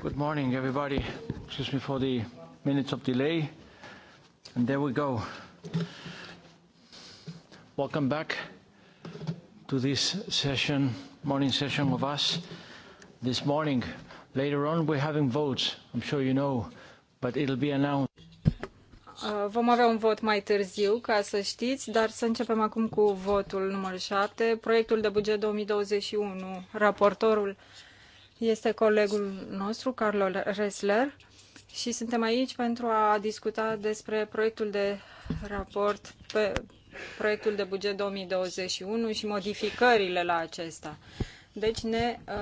Good morning, everybody. Excuse me for the minutes of delay. there we go. Welcome back to this session, morning session of us. This morning, later on, we're having votes. I'm sure you know, but it'll be announced. Uh, vom avea un vot mai târziu, ca să știți, dar să începem acum cu votul numărul 7, proiectul de buget 2021. Raportorul este colegul nostru, Carlo Ressler, și suntem aici pentru a discuta despre proiectul de raport pe proiectul de buget 2021 și modificările la acesta. Deci ne uh,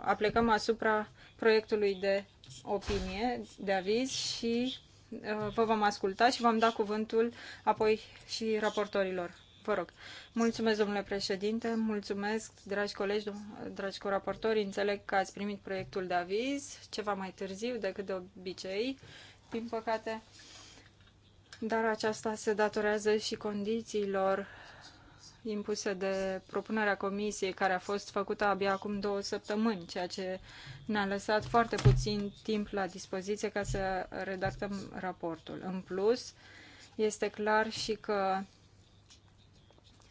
aplicăm asupra proiectului de opinie, de aviz și uh, vă vom asculta și vom da cuvântul apoi și raportorilor. Vă rog. Mulțumesc, domnule președinte, mulțumesc, dragi colegi, dragi coraportori. Înțeleg că ați primit proiectul de aviz ceva mai târziu decât de obicei, din păcate, dar aceasta se datorează și condițiilor impuse de propunerea comisiei care a fost făcută abia acum două săptămâni, ceea ce ne-a lăsat foarte puțin timp la dispoziție ca să redactăm raportul. În plus, este clar și că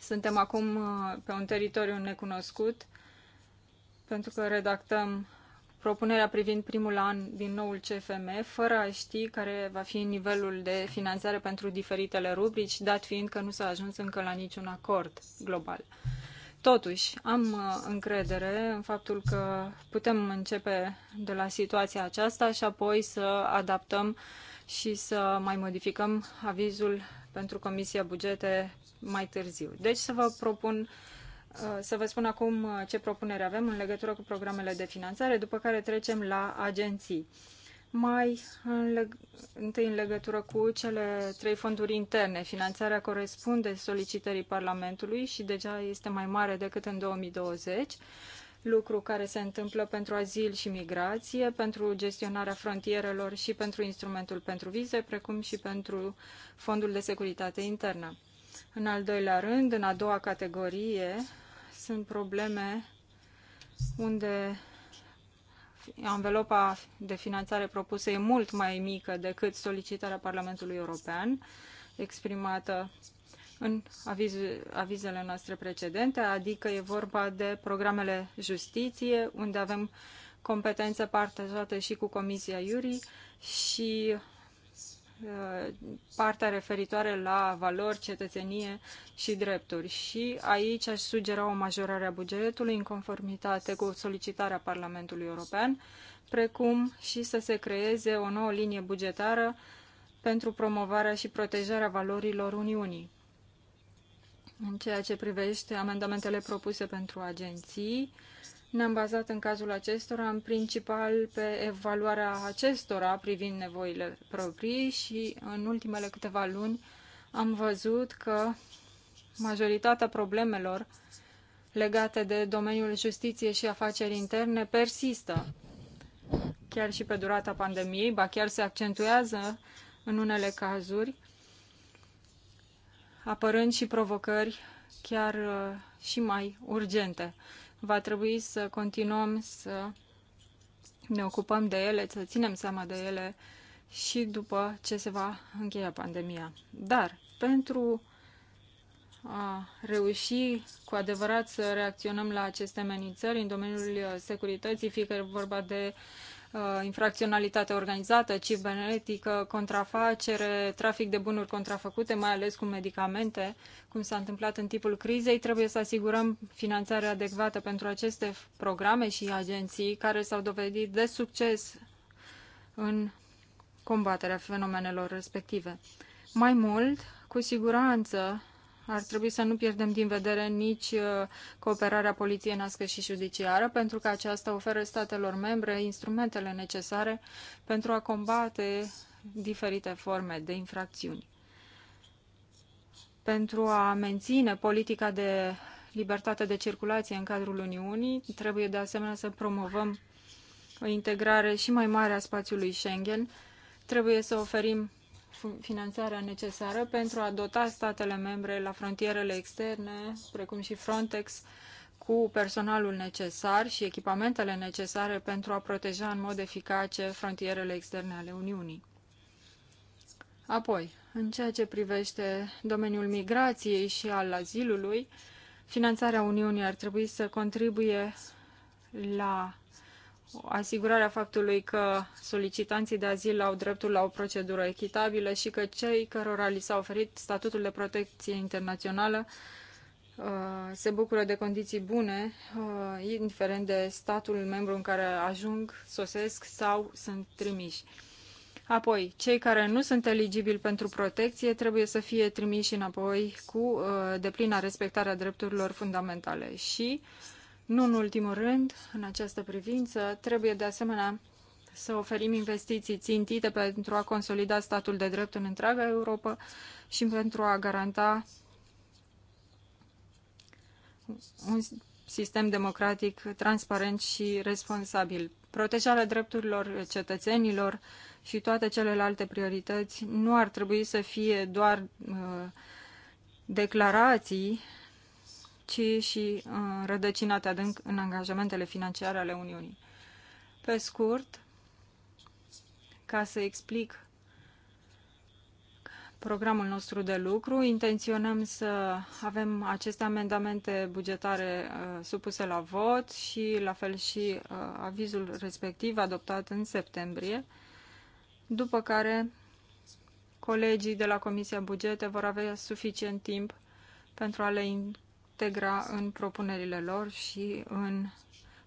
suntem acum uh, pe un teritoriu necunoscut pentru că redactăm propunerea privind primul an din noul CFM, fără a ști care va fi nivelul de finanțare pentru diferitele rubrici, dat fiind că nu s-a ajuns încă la niciun acord global. Totuși, am uh, încredere în faptul că putem începe de la situația aceasta și apoi să adaptăm și să mai modificăm avizul pentru Comisia Bugete mai târziu. Deci să vă propun uh, să vă spun acum uh, ce propunere avem în legătură cu programele de finanțare, după care trecem la agenții. Mai în leg- întâi în legătură cu cele trei fonduri interne. Finanțarea corespunde solicitării Parlamentului și deja este mai mare decât în 2020 lucru care se întâmplă pentru azil și migrație, pentru gestionarea frontierelor și pentru instrumentul pentru vize, precum și pentru fondul de securitate internă. În al doilea rând, în a doua categorie, sunt probleme unde anvelopa de finanțare propusă e mult mai mică decât solicitarea Parlamentului European exprimată în aviz, avizele noastre precedente, adică e vorba de programele justiție, unde avem competențe partajate și cu Comisia Iurii și partea referitoare la valori, cetățenie și drepturi. Și aici aș sugera o majorare a bugetului în conformitate cu solicitarea Parlamentului European, precum și să se creeze o nouă linie bugetară pentru promovarea și protejarea valorilor Uniunii. În ceea ce privește amendamentele propuse pentru agenții, ne-am bazat în cazul acestora în principal pe evaluarea acestora privind nevoile proprii și în ultimele câteva luni am văzut că majoritatea problemelor legate de domeniul justiției și afaceri interne persistă chiar și pe durata pandemiei, ba chiar se accentuează în unele cazuri, apărând și provocări chiar uh, și mai urgente va trebui să continuăm să ne ocupăm de ele, să ținem seama de ele și după ce se va încheia pandemia. Dar pentru a reuși cu adevărat să reacționăm la aceste amenințări în domeniul securității, fie că e vorba de Uh, infracționalitate organizată, cibernetică, contrafacere, trafic de bunuri contrafăcute, mai ales cu medicamente, cum s-a întâmplat în timpul crizei, trebuie să asigurăm finanțare adecvată pentru aceste programe și agenții care s-au dovedit de succes în combaterea fenomenelor respective. Mai mult, cu siguranță, ar trebui să nu pierdem din vedere nici uh, cooperarea poliției, nască și judiciară, pentru că aceasta oferă statelor membre instrumentele necesare pentru a combate diferite forme de infracțiuni. Pentru a menține politica de libertate de circulație în cadrul Uniunii, trebuie de asemenea să promovăm o integrare și mai mare a spațiului Schengen. Trebuie să oferim finanțarea necesară pentru a dota statele membre la frontierele externe, precum și Frontex, cu personalul necesar și echipamentele necesare pentru a proteja în mod eficace frontierele externe ale Uniunii. Apoi, în ceea ce privește domeniul migrației și al azilului, finanțarea Uniunii ar trebui să contribuie la asigurarea faptului că solicitanții de azil au dreptul la o procedură echitabilă și că cei cărora li s-a oferit statutul de protecție internațională uh, se bucură de condiții bune, uh, indiferent de statul membru în care ajung, sosesc sau sunt trimiși. Apoi, cei care nu sunt eligibili pentru protecție trebuie să fie trimiși înapoi cu uh, deplină respectarea drepturilor fundamentale și uh, nu în ultimul rând, în această privință, trebuie de asemenea să oferim investiții țintite pentru a consolida statul de drept în întreaga Europa și pentru a garanta un sistem democratic transparent și responsabil. Protejarea drepturilor cetățenilor și toate celelalte priorități nu ar trebui să fie doar uh, declarații ci și uh, rădăcinate adânc în angajamentele financiare ale Uniunii. Pe scurt, ca să explic programul nostru de lucru. Intenționăm să avem aceste amendamente bugetare uh, supuse la vot și la fel și uh, avizul respectiv adoptat în septembrie, după care colegii de la Comisia Bugete vor avea suficient timp pentru a le integra în propunerile lor și în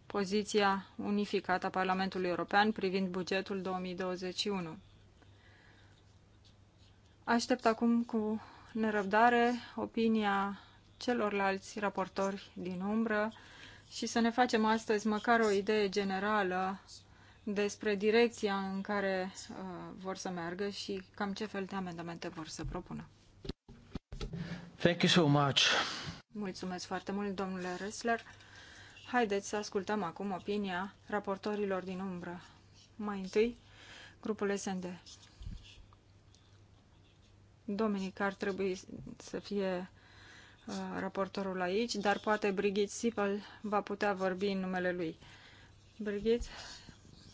poziția unificată a Parlamentului European privind bugetul 2021. Aștept acum cu nerăbdare opinia celorlalți raportori din umbră și să ne facem astăzi măcar o idee generală despre direcția în care uh, vor să meargă și cam ce fel de amendamente vor să propună. Thank you so much. Mulțumesc foarte mult, domnule Ressler. Haideți să ascultăm acum opinia raportorilor din umbră. Mai întâi, grupul SND. Dominic ar trebui să fie uh, raportorul aici, dar poate Brigitte Sipel va putea vorbi în numele lui. Brigitte,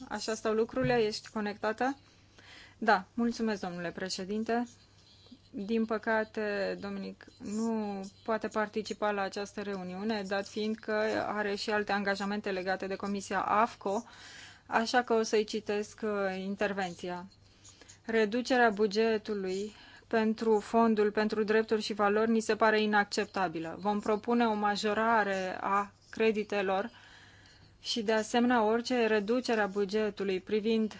așa stau lucrurile? Ești conectată? Da, mulțumesc, domnule președinte. Din păcate, Dominic nu poate participa la această reuniune, dat fiind că are și alte angajamente legate de Comisia AFCO, așa că o să-i citesc uh, intervenția. Reducerea bugetului pentru fondul pentru drepturi și valori ni se pare inacceptabilă. Vom propune o majorare a creditelor și, de asemenea, orice reducere a bugetului privind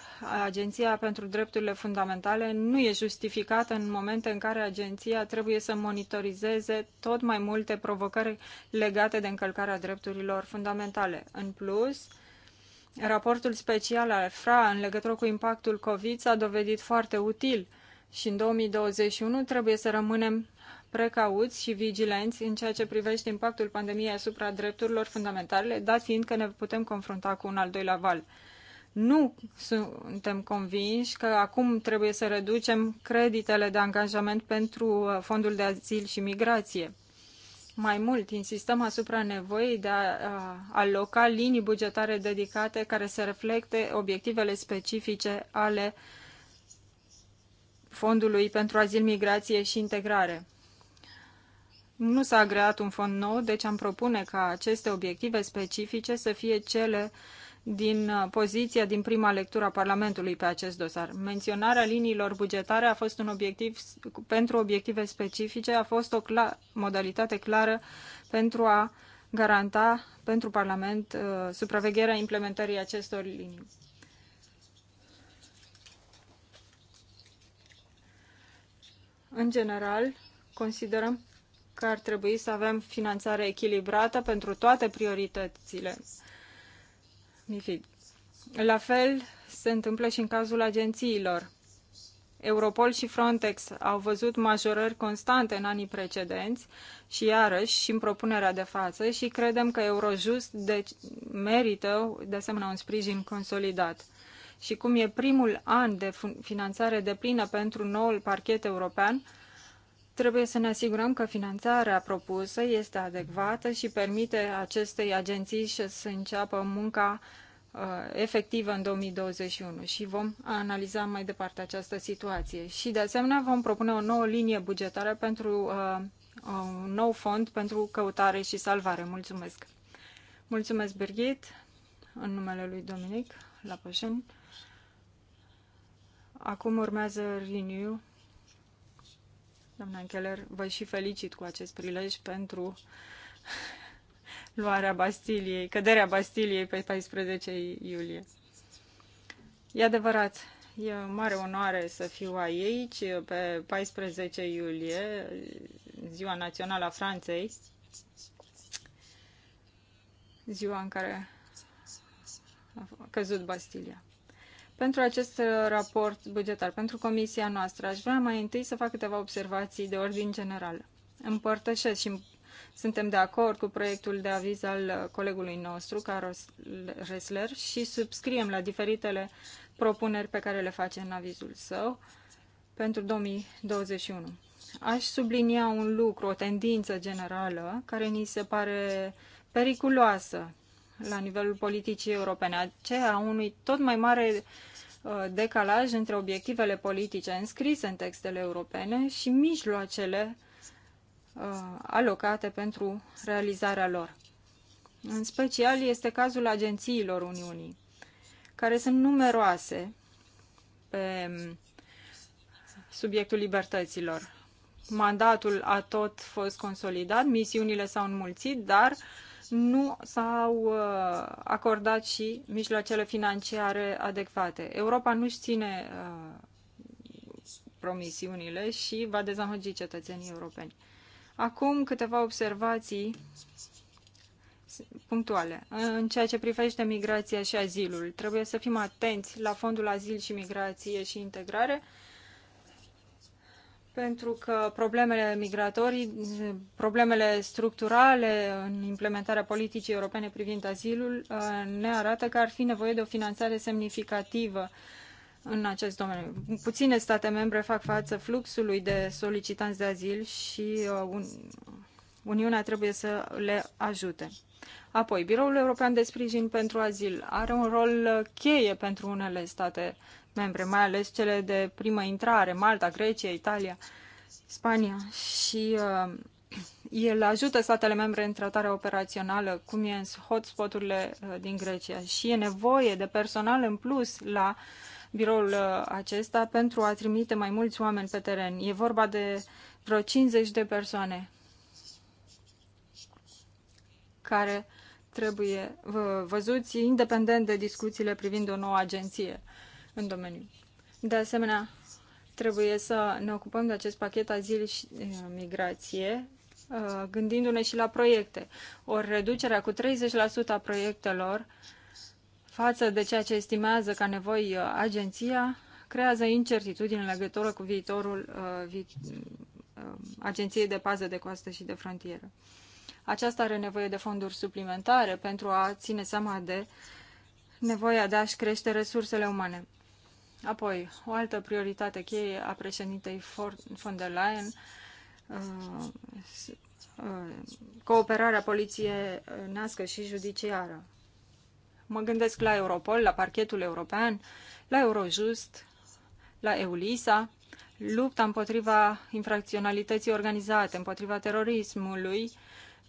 Agenția pentru Drepturile Fundamentale nu e justificată în momente în care agenția trebuie să monitorizeze tot mai multe provocări legate de încălcarea drepturilor fundamentale. În plus, raportul special al FRA în legătură cu impactul COVID s-a dovedit foarte util și în 2021 trebuie să rămânem precauți și vigilenți în ceea ce privește impactul pandemiei asupra drepturilor fundamentale, dat fiind că ne putem confrunta cu un al doilea val. Nu suntem convinși că acum trebuie să reducem creditele de angajament pentru uh, fondul de azil și migrație. Mai mult, insistăm asupra nevoii de a, uh, aloca linii bugetare dedicate care să reflecte obiectivele specifice ale Fondului pentru Azil, Migrație și Integrare. Nu s-a creat un fond nou, deci am propune ca aceste obiective specifice să fie cele din uh, poziția din prima lectură a Parlamentului pe acest dosar. Menționarea liniilor bugetare a fost un obiectiv pentru obiective specifice, a fost o cla modalitate clară pentru a garanta pentru Parlament uh, supravegherea implementării acestor linii. În general, considerăm că ar trebui să avem finanțare echilibrată pentru toate prioritățile. MIFID. La fel se întâmplă și în cazul agențiilor. Europol și Frontex au văzut majorări constante în anii precedenți și iarăși și în propunerea de față și credem că Eurojust de- merită de asemenea un sprijin consolidat. Și cum e primul an de finanțare de plină pentru noul parchet european, Trebuie să ne asigurăm că finanțarea propusă este adecvată și permite acestei agenții să înceapă munca uh, efectivă în 2021 și vom analiza mai departe această situație. Și de asemenea vom propune o nouă linie bugetară pentru uh, un nou fond pentru căutare și salvare. Mulțumesc! Mulțumesc, Birgit, în numele lui Dominic Lapășen. Acum urmează Renew Doamna Keller, vă și felicit cu acest prilej pentru luarea Bastiliei, căderea Bastiliei pe 14 iulie. E adevărat, e o mare onoare să fiu aici pe 14 iulie, ziua națională a Franței, ziua în care a căzut Bastilia pentru acest uh, raport bugetar, pentru comisia noastră. Aș vrea mai întâi să fac câteva observații de ordin general. Împărtășesc și suntem de acord cu proiectul de aviz al uh, colegului nostru, Carol Ressler, și subscriem la diferitele propuneri pe care le face în avizul său pentru 2021. Aș sublinia un lucru, o tendință generală care ni se pare periculoasă la nivelul politicii europene, aceea unui tot mai mare uh, decalaj între obiectivele politice înscrise în textele europene și mijloacele uh, alocate pentru realizarea lor. În special este cazul agențiilor Uniunii, care sunt numeroase pe um, subiectul libertăților. Mandatul a tot fost consolidat, misiunile s-au înmulțit, dar uh, nu s-au uh, acordat și mijloacele financiare adecvate. Europa nu-și ține uh, promisiunile și va dezamăgi cetățenii europeni. Acum câteva observații punctuale. În ceea ce privește migrația și azilul, trebuie să fim atenți la fondul azil și migrație și integrare, pentru că problemele migratorii, problemele structurale în implementarea politicii europene privind azilul uh, ne arată că ar fi nevoie de o finanțare semnificativă în acest domeniu. Puține state membre fac față fluxului de solicitanți de azil și uh, Uniunea trebuie să le ajute. Apoi, Biroul European de Sprijin pentru Azil are un rol uh, cheie pentru unele state membre, mai ales cele de primă intrare, Malta, Grecia, Italia, Spania și uh, el ajută statele membre în tratarea operațională, cum e în hotspoturile uh, din Grecia și e nevoie de personal în plus la biroul uh, acesta pentru a trimite mai mulți oameni pe teren. E vorba de vreo 50 de persoane care trebuie uh, văzuți independent de discuțiile privind o nouă agenție în domeniu. De asemenea, trebuie să ne ocupăm de acest pachet azil și uh, migrație, uh, gândindu-ne și la proiecte. Ori reducerea cu 30% a proiectelor față de ceea ce estimează ca nevoi uh, agenția, creează incertitudini în legătură cu viitorul uh, vi, uh, Agenției de Pază de Coastă și de Frontieră. Aceasta are nevoie de fonduri suplimentare pentru a ține seama de nevoia de a-și crește resursele umane. Apoi, o altă prioritate cheie a președintei von der Leyen, uh, uh, cooperarea poliției nască și judiciară. Mă gândesc la Europol, la parchetul european, la Eurojust, la EULISA, lupta împotriva infracționalității organizate, împotriva terorismului,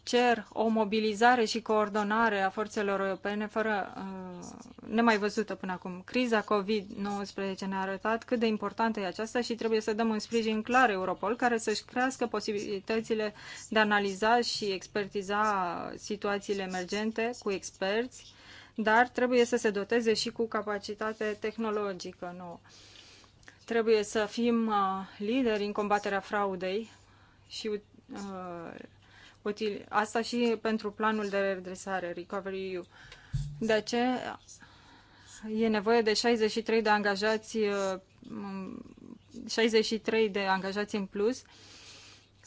cer o mobilizare și coordonare a forțelor europene fără uh, nemai văzută până acum. Criza COVID-19 ne-a arătat cât de importantă e aceasta și trebuie să dăm un sprijin clar Europol care să-și crească posibilitățile de a analiza și expertiza situațiile emergente cu experți, dar trebuie să se doteze și cu capacitate tehnologică nouă. Trebuie să fim uh, lideri în combaterea fraudei și uh, util, asta și pentru planul de redresare, Recovery EU. De aceea e nevoie de 63 de angajați, 63 uh, de angajați în plus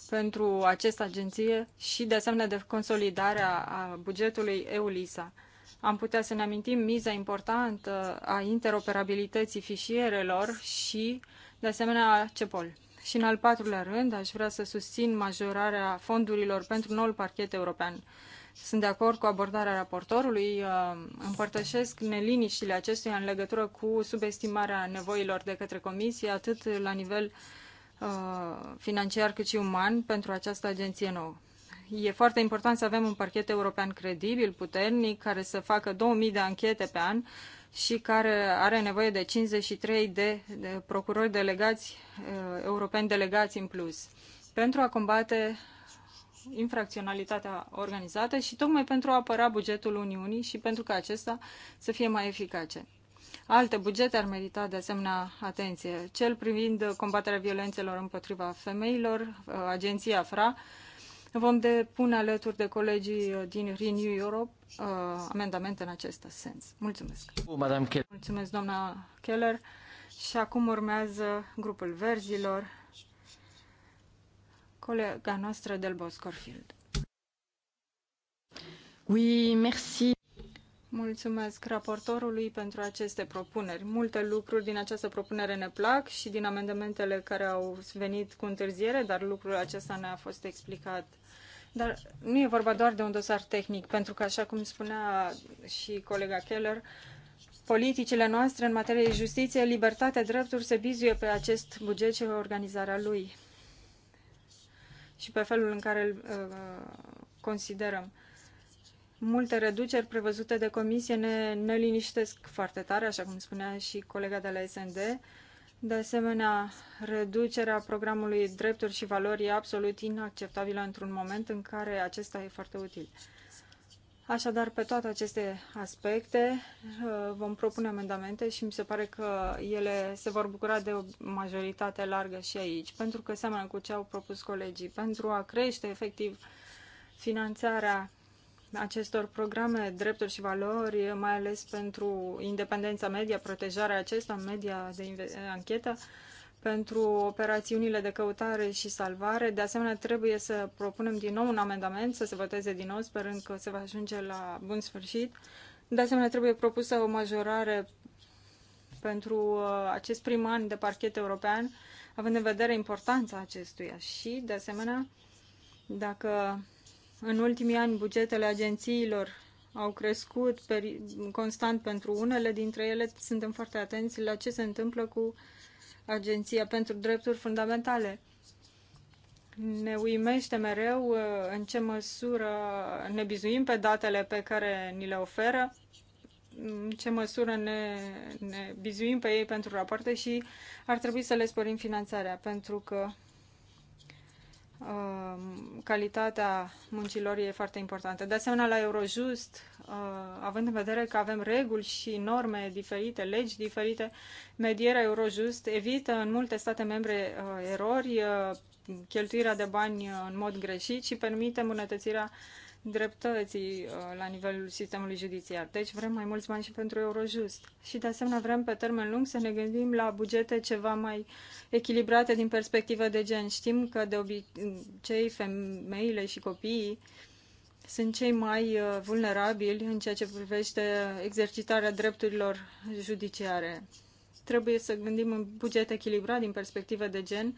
pentru această agenție și de asemenea de consolidarea a bugetului EULISA. Am putea să ne amintim miza importantă a interoperabilității fișierelor și de asemenea a CEPOL. Și în al patrulea rând, aș vrea să susțin majorarea fondurilor pentru noul parchet european. Sunt de acord cu abordarea raportorului, uh, împărtășesc neliniștile acestuia în legătură cu subestimarea nevoilor de către comisie, atât la nivel uh, financiar cât și uman, pentru această agenție nouă. E foarte important să avem un parchet european credibil, puternic, care să facă 2000 de anchete pe an și care are nevoie de 53 de, procurori delegați, uh, europeni delegați în plus, pentru a combate infracționalitatea organizată și tocmai pentru a apăra bugetul Uniunii și pentru ca acesta să fie mai eficace. Alte bugete ar merita de asemenea atenție, cel privind combaterea violențelor împotriva femeilor, uh, agenția FRA, Vom depune alături de colegii uh, din Renew Europe uh, amendamente în acest sens. Mulțumesc. Mulțumesc, doamna Keller. Și acum urmează grupul verzilor, colega noastră del Boscorfield. Oui, merci. Mulțumesc raportorului pentru aceste propuneri. Multe lucruri din această propunere ne plac și din amendamentele care au venit cu întârziere, dar lucrul acesta ne-a fost explicat dar nu e vorba doar de un dosar tehnic, pentru că, așa cum spunea și colega Keller, politicile noastre în materie de justiție, libertate, drepturi se bizuie pe acest buget și pe organizarea lui și pe felul în care îl uh, considerăm. Multe reduceri prevăzute de comisie ne, ne liniștesc foarte tare, așa cum spunea și colega de la SND. Uh, de asemenea, reducerea programului drepturi și valori e absolut inacceptabilă într-un moment în care acesta e foarte util. Așadar, pe toate aceste aspecte uh, vom propune amendamente și mi se pare că ele se vor bucura de o majoritate largă și aici, pentru că seamănă cu ce au propus colegii, pentru a crește efectiv finanțarea acestor programe, drepturi și valori, mai ales pentru independența media, protejarea acesta, media de anchetă, pentru operațiunile de căutare și salvare. De asemenea, trebuie să propunem din nou un amendament, să se voteze din nou, sperând că se va ajunge la bun sfârșit. De asemenea, trebuie propusă o majorare pentru uh, acest prim an de parchet european, având în vedere importanța acestuia și, de asemenea, dacă în ultimii ani, bugetele agențiilor au crescut constant pentru unele dintre ele. Suntem foarte atenți la ce se întâmplă cu Agenția pentru Drepturi Fundamentale. Ne uimește mereu uh, în ce măsură ne bizuim pe datele pe care ni le oferă, în ce măsură ne, ne bizuim pe ei pentru rapoarte și ar trebui să le sporim finanțarea, pentru că Um, calitatea muncilor e foarte importantă. De asemenea, la Eurojust, uh, având în vedere că avem reguli și norme diferite, legi diferite, medierea Eurojust evită în multe state membre uh, erori, uh, cheltuirea de bani în mod greșit și permite îmbunătățirea uh, dreptății uh, la nivelul sistemului judiciar. Deci vrem mai mulți bani și pentru Eurojust. Și de asemenea vrem pe termen lung să ne gândim la bugete ceva mai echilibrate din perspectivă de gen. Știm că de obicei femeile și copiii sunt cei mai uh, vulnerabili în ceea ce privește exercitarea drepturilor judiciare. Trebuie să gândim un buget echilibrat din perspectivă de gen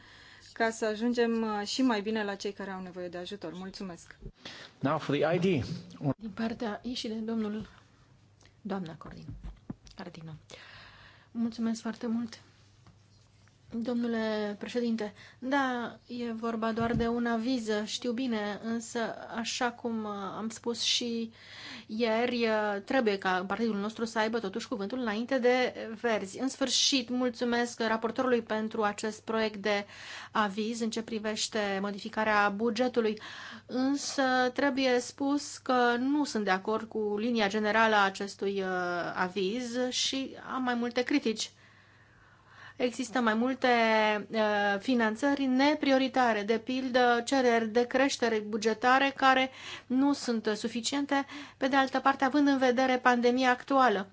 ca să ajungem uh, și mai bine la cei care au nevoie de ajutor. Mulțumesc! Now for the ID. Din partea și de domnul, doamna Cordin. Cardino. Mulțumesc foarte mult! Domnule președinte, da, e vorba doar de un aviz, știu bine, însă, așa cum am spus și ieri, trebuie ca partidul nostru să aibă totuși cuvântul înainte de verzi. În sfârșit, mulțumesc raportorului pentru acest proiect de aviz în ce privește modificarea bugetului, însă trebuie spus că nu sunt de acord cu linia generală a acestui uh, aviz și am mai multe critici Există mai multe finanțări neprioritare, de pildă cereri de creștere bugetare care nu sunt suficiente, pe de altă parte având în vedere pandemia actuală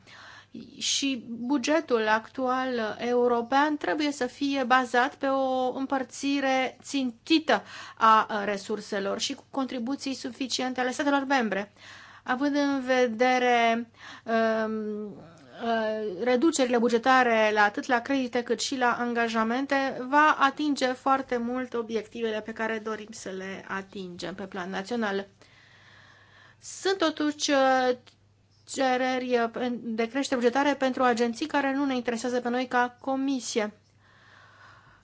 și bugetul actual european trebuie să fie bazat pe o împărțire țintită a resurselor și cu contribuții suficiente ale statelor membre. Având în vedere um, Uh, reducerile bugetare la atât la credite cât și la angajamente va atinge foarte mult obiectivele pe care dorim să le atingem pe plan național. Sunt totuși uh, cereri uh, de creștere bugetare pentru agenții care nu ne interesează pe noi ca comisie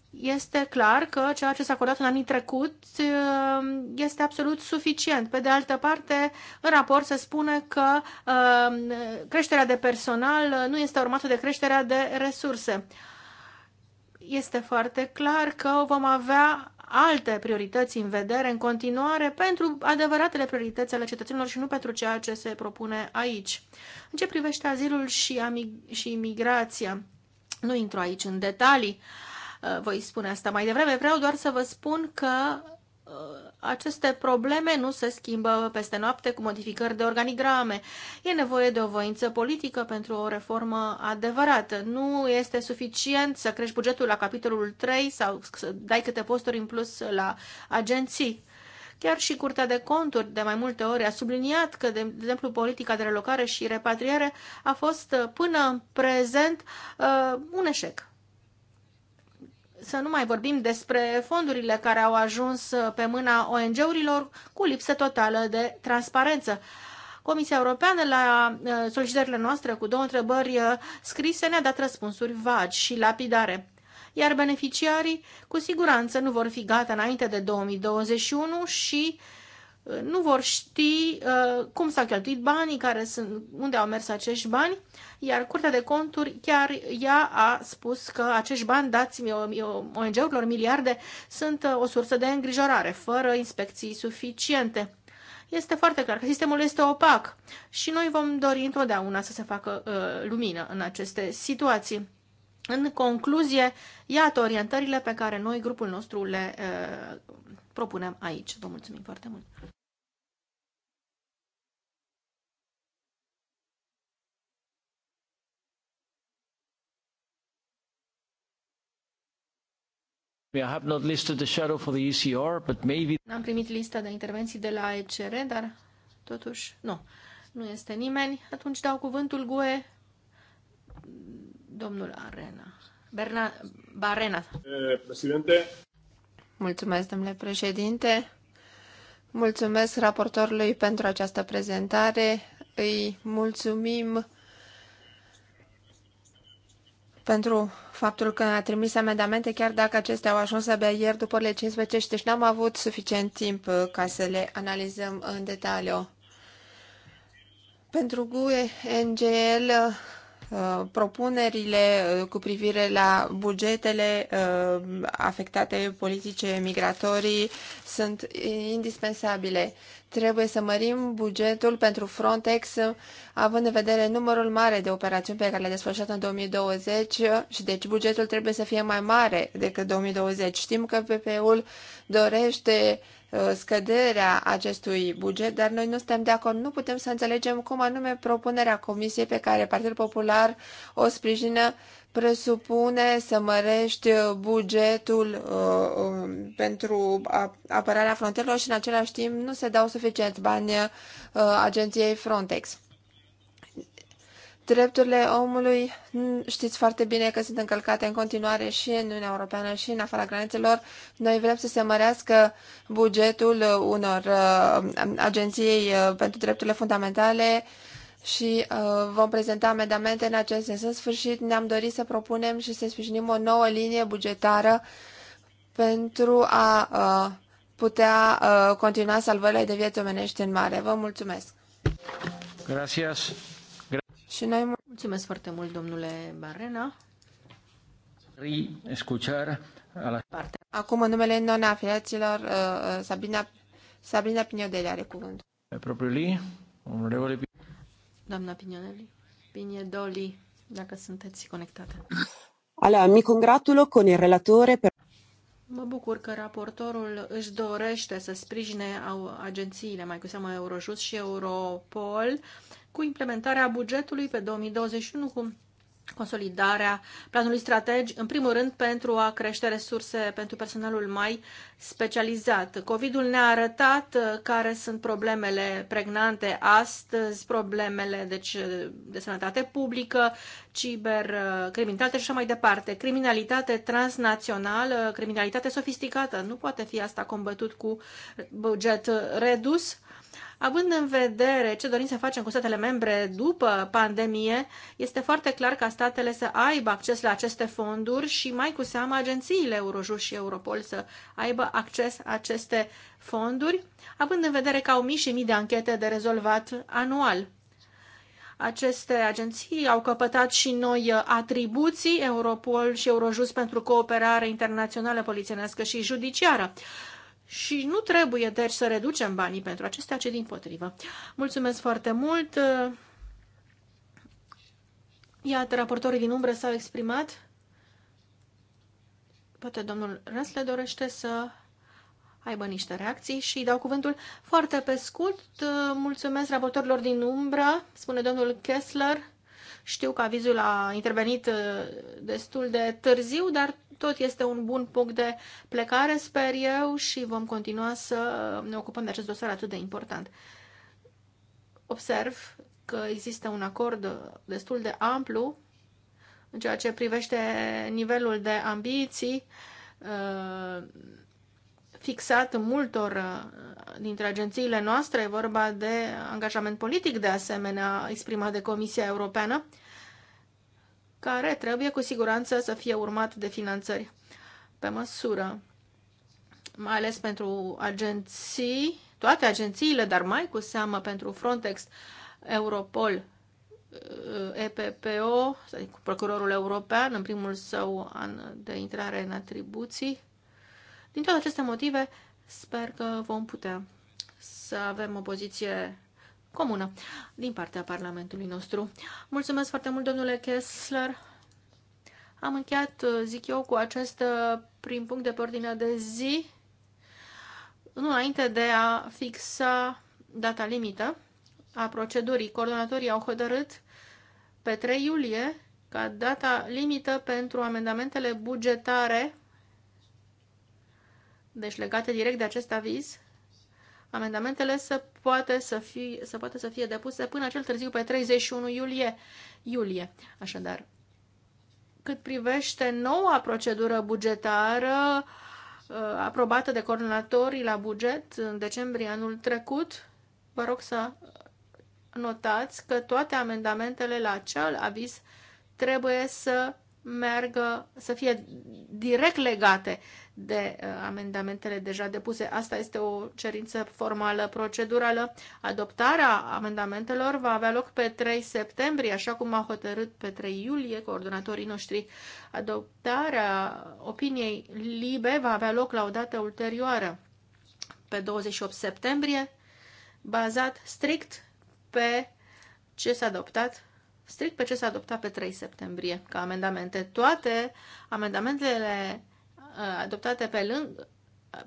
este clar că ceea ce s-a acordat în anii trecut uh, este absolut suficient. Pe de altă parte, în raport se spune că uh, creșterea de personal uh, nu este urmată de creșterea de resurse. Este foarte clar că vom avea alte priorități în vedere în continuare pentru adevăratele priorități ale cetățenilor și nu pentru ceea ce se propune aici. În ce privește azilul și, amig- și migrația, nu intru aici în detalii, uh, Uh, voi spune asta mai devreme. Vreau doar să vă spun că uh, aceste probleme nu se schimbă peste noapte cu modificări de organigrame. E nevoie de o voință politică pentru o reformă adevărată. Nu este suficient să crești bugetul la capitolul 3 sau să dai câte posturi în plus la agenții. Chiar și Curtea de Conturi de mai multe ori a subliniat că, de exemplu, politica de relocare și repatriere a fost uh, până în prezent un eșec să nu mai vorbim despre fondurile care au ajuns pe mâna ONG-urilor cu lipsă totală de transparență. Comisia Europeană, la uh, solicitările noastre cu două întrebări uh, scrise, ne-a dat răspunsuri vagi și lapidare. Iar beneficiarii, cu siguranță, nu vor fi gata înainte de 2021 și nu vor ști uh, cum s-au cheltuit banii, care sunt, unde au mers acești bani, iar Curtea de Conturi chiar ea a spus că acești bani dați ONG-urilor miliarde sunt uh, o sursă de îngrijorare, fără inspecții suficiente. Este foarte clar că sistemul este opac și noi vom dori întotdeauna să se facă uh, lumină în aceste situații. În concluzie, iată orientările pe care noi, grupul nostru, le uh, propunem aici. Vă mulțumim foarte mult! N-am primit lista de intervenții de la ECR, dar totuși nu. Nu este nimeni. Atunci dau cuvântul GUE domnul Arena. Berna, Barena. Eh, președinte. Mulțumesc, domnule președinte. Mulțumesc raportorului pentru această prezentare. Îi mulțumim pentru faptul că a trimis amendamente, chiar dacă acestea au ajuns abia ieri după le 15 și deci n-am avut suficient timp uh, ca să le analizăm în detaliu. Pentru GUE, NGL, uh, propunerile uh, cu privire la bugetele afectate politice migratorii sunt indispensabile trebuie să mărim bugetul pentru Frontex, având în vedere numărul mare de operațiuni pe care le-a desfășurat în 2020 și deci bugetul trebuie să fie mai mare decât 2020. Știm că PP-ul dorește uh, scăderea acestui buget, dar noi nu suntem de acord. Nu putem să înțelegem cum anume propunerea Comisiei pe care Partidul Popular o sprijină presupune să mărești uh, bugetul uh, uh, pentru apărarea frontierelor și în același timp nu se dau suficient bani uh, agenției Frontex. Drepturile omului știți foarte bine că sunt încălcate în continuare și în Uniunea Europeană și în afara granițelor. Noi vrem să se mărească bugetul uh, unor uh, agenției uh, pentru drepturile fundamentale uh, și uh, vom prezenta amendamente în acest sens. În sfârșit, ne-am dorit să propunem și să sprijinim o nouă linie bugetară pentru a uh, putea uh, continua salvările de vieți omenești în mare. Vă mulțumesc! Gracias. Și noi mulțumesc foarte mult, domnule Barena. Escuchar la... Acum, în numele non-afiliaților, uh, uh, Sabina, Sabina Piniodelli are cuvântul. Propriu-li, Doamna Pignonelli, Doli, dacă sunteți conectate. Alea, mi congratulo con il relatore per... Mă bucur că raportorul își dorește să sprijine agențiile, mai cu seamă Eurojust și Europol, cu implementarea bugetului pe 2021 cu consolidarea planului strategic, în primul rând pentru a crește resurse pentru personalul mai specializat. Covidul ne-a arătat uh, care sunt problemele pregnante astăzi, problemele deci, uh, de sănătate publică, cibercriminalitate uh, și așa mai departe. Criminalitate transnațională, criminalitate sofisticată, nu poate fi asta combătut cu buget redus Având în vedere ce dorim să facem cu statele membre după pandemie, este foarte clar ca statele să aibă acces la aceste fonduri și mai cu seamă agențiile Eurojust și Europol să aibă acces la aceste fonduri, având în vedere că au mii și mii de anchete de rezolvat anual. Aceste agenții au căpătat și noi atribuții, Europol și Eurojust pentru cooperare internațională polițienească și judiciară și nu trebuie, deci, să reducem banii pentru acestea, ci din potrivă. Mulțumesc foarte mult! Iată, raportorii din umbră s-au exprimat. Poate domnul Răsle dorește să aibă niște reacții și dau cuvântul foarte pe scurt. Mulțumesc raportorilor din umbră, spune domnul Kessler. Știu că avizul a intervenit uh, destul de târziu, dar tot este un bun punct de plecare, sper eu, și vom continua să ne ocupăm de acest dosar atât de important. Observ că există un acord destul de amplu în ceea ce privește nivelul de ambiții uh, fixat multor uh, dintre agențiile noastre, e vorba de angajament politic de asemenea exprimat de Comisia Europeană, care trebuie cu siguranță să fie urmat de finanțări pe măsură, mai ales pentru agenții, toate agențiile, dar mai cu seamă pentru Frontex, Europol, uh, EPPO, adică Procurorul European, în primul său an de intrare în atribuții, din toate aceste motive, sper că vom putea să avem o poziție comună din partea Parlamentului nostru. Mulțumesc foarte mult, domnule Kessler. Am încheiat, zic eu, cu acest prim punct de pe de zi, nu înainte de a fixa data limită a procedurii. Coordonatorii au hotărât pe 3 iulie ca data limită pentru amendamentele bugetare deci legate direct de acest aviz, amendamentele să poate să, fi, să poate să fie depuse până cel târziu pe 31 iulie. iulie. Așadar, cât privește noua procedură bugetară uh, aprobată de coordonatorii la buget în decembrie anul trecut, vă rog să notați că toate amendamentele la acel aviz trebuie să meargă, să fie direct legate de uh, amendamentele deja depuse. Asta este o cerință formală, procedurală. Adoptarea amendamentelor va avea loc pe 3 septembrie, așa cum a hotărât pe 3 iulie coordonatorii noștri. Adoptarea opiniei libe va avea loc la o dată ulterioară, pe 28 septembrie, bazat strict pe ce s-a adoptat strict pe ce s-a adoptat pe 3 septembrie ca amendamente. Toate amendamentele uh, adoptate pe lângă,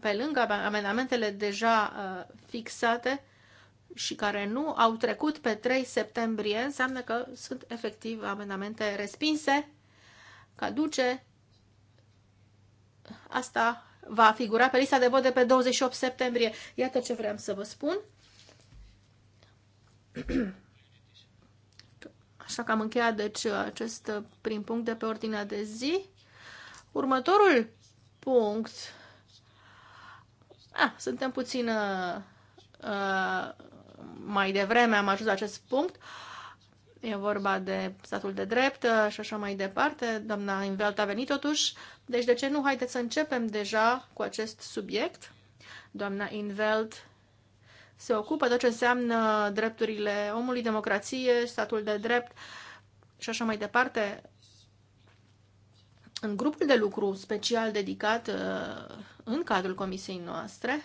pe lângă amendamentele deja uh, fixate și care nu au trecut pe 3 septembrie, înseamnă că sunt efectiv amendamente respinse, caduce. Asta va figura pe lista de vot de pe 28 septembrie. Iată ce vreau să vă spun. Așa că am încheiat, deci, acest prim punct de pe ordinea de zi. Următorul punct. Ah, suntem puțin uh, mai devreme, am ajuns la acest punct. E vorba de statul de drept uh, și așa mai departe. Doamna Invelt a venit totuși. Deci de ce nu? Haideți să începem deja cu acest subiect. Doamna Invelt se ocupă tot ce înseamnă drepturile omului, democrație, statul de drept și așa mai departe. În grupul de lucru special dedicat uh, în cadrul comisiei noastre,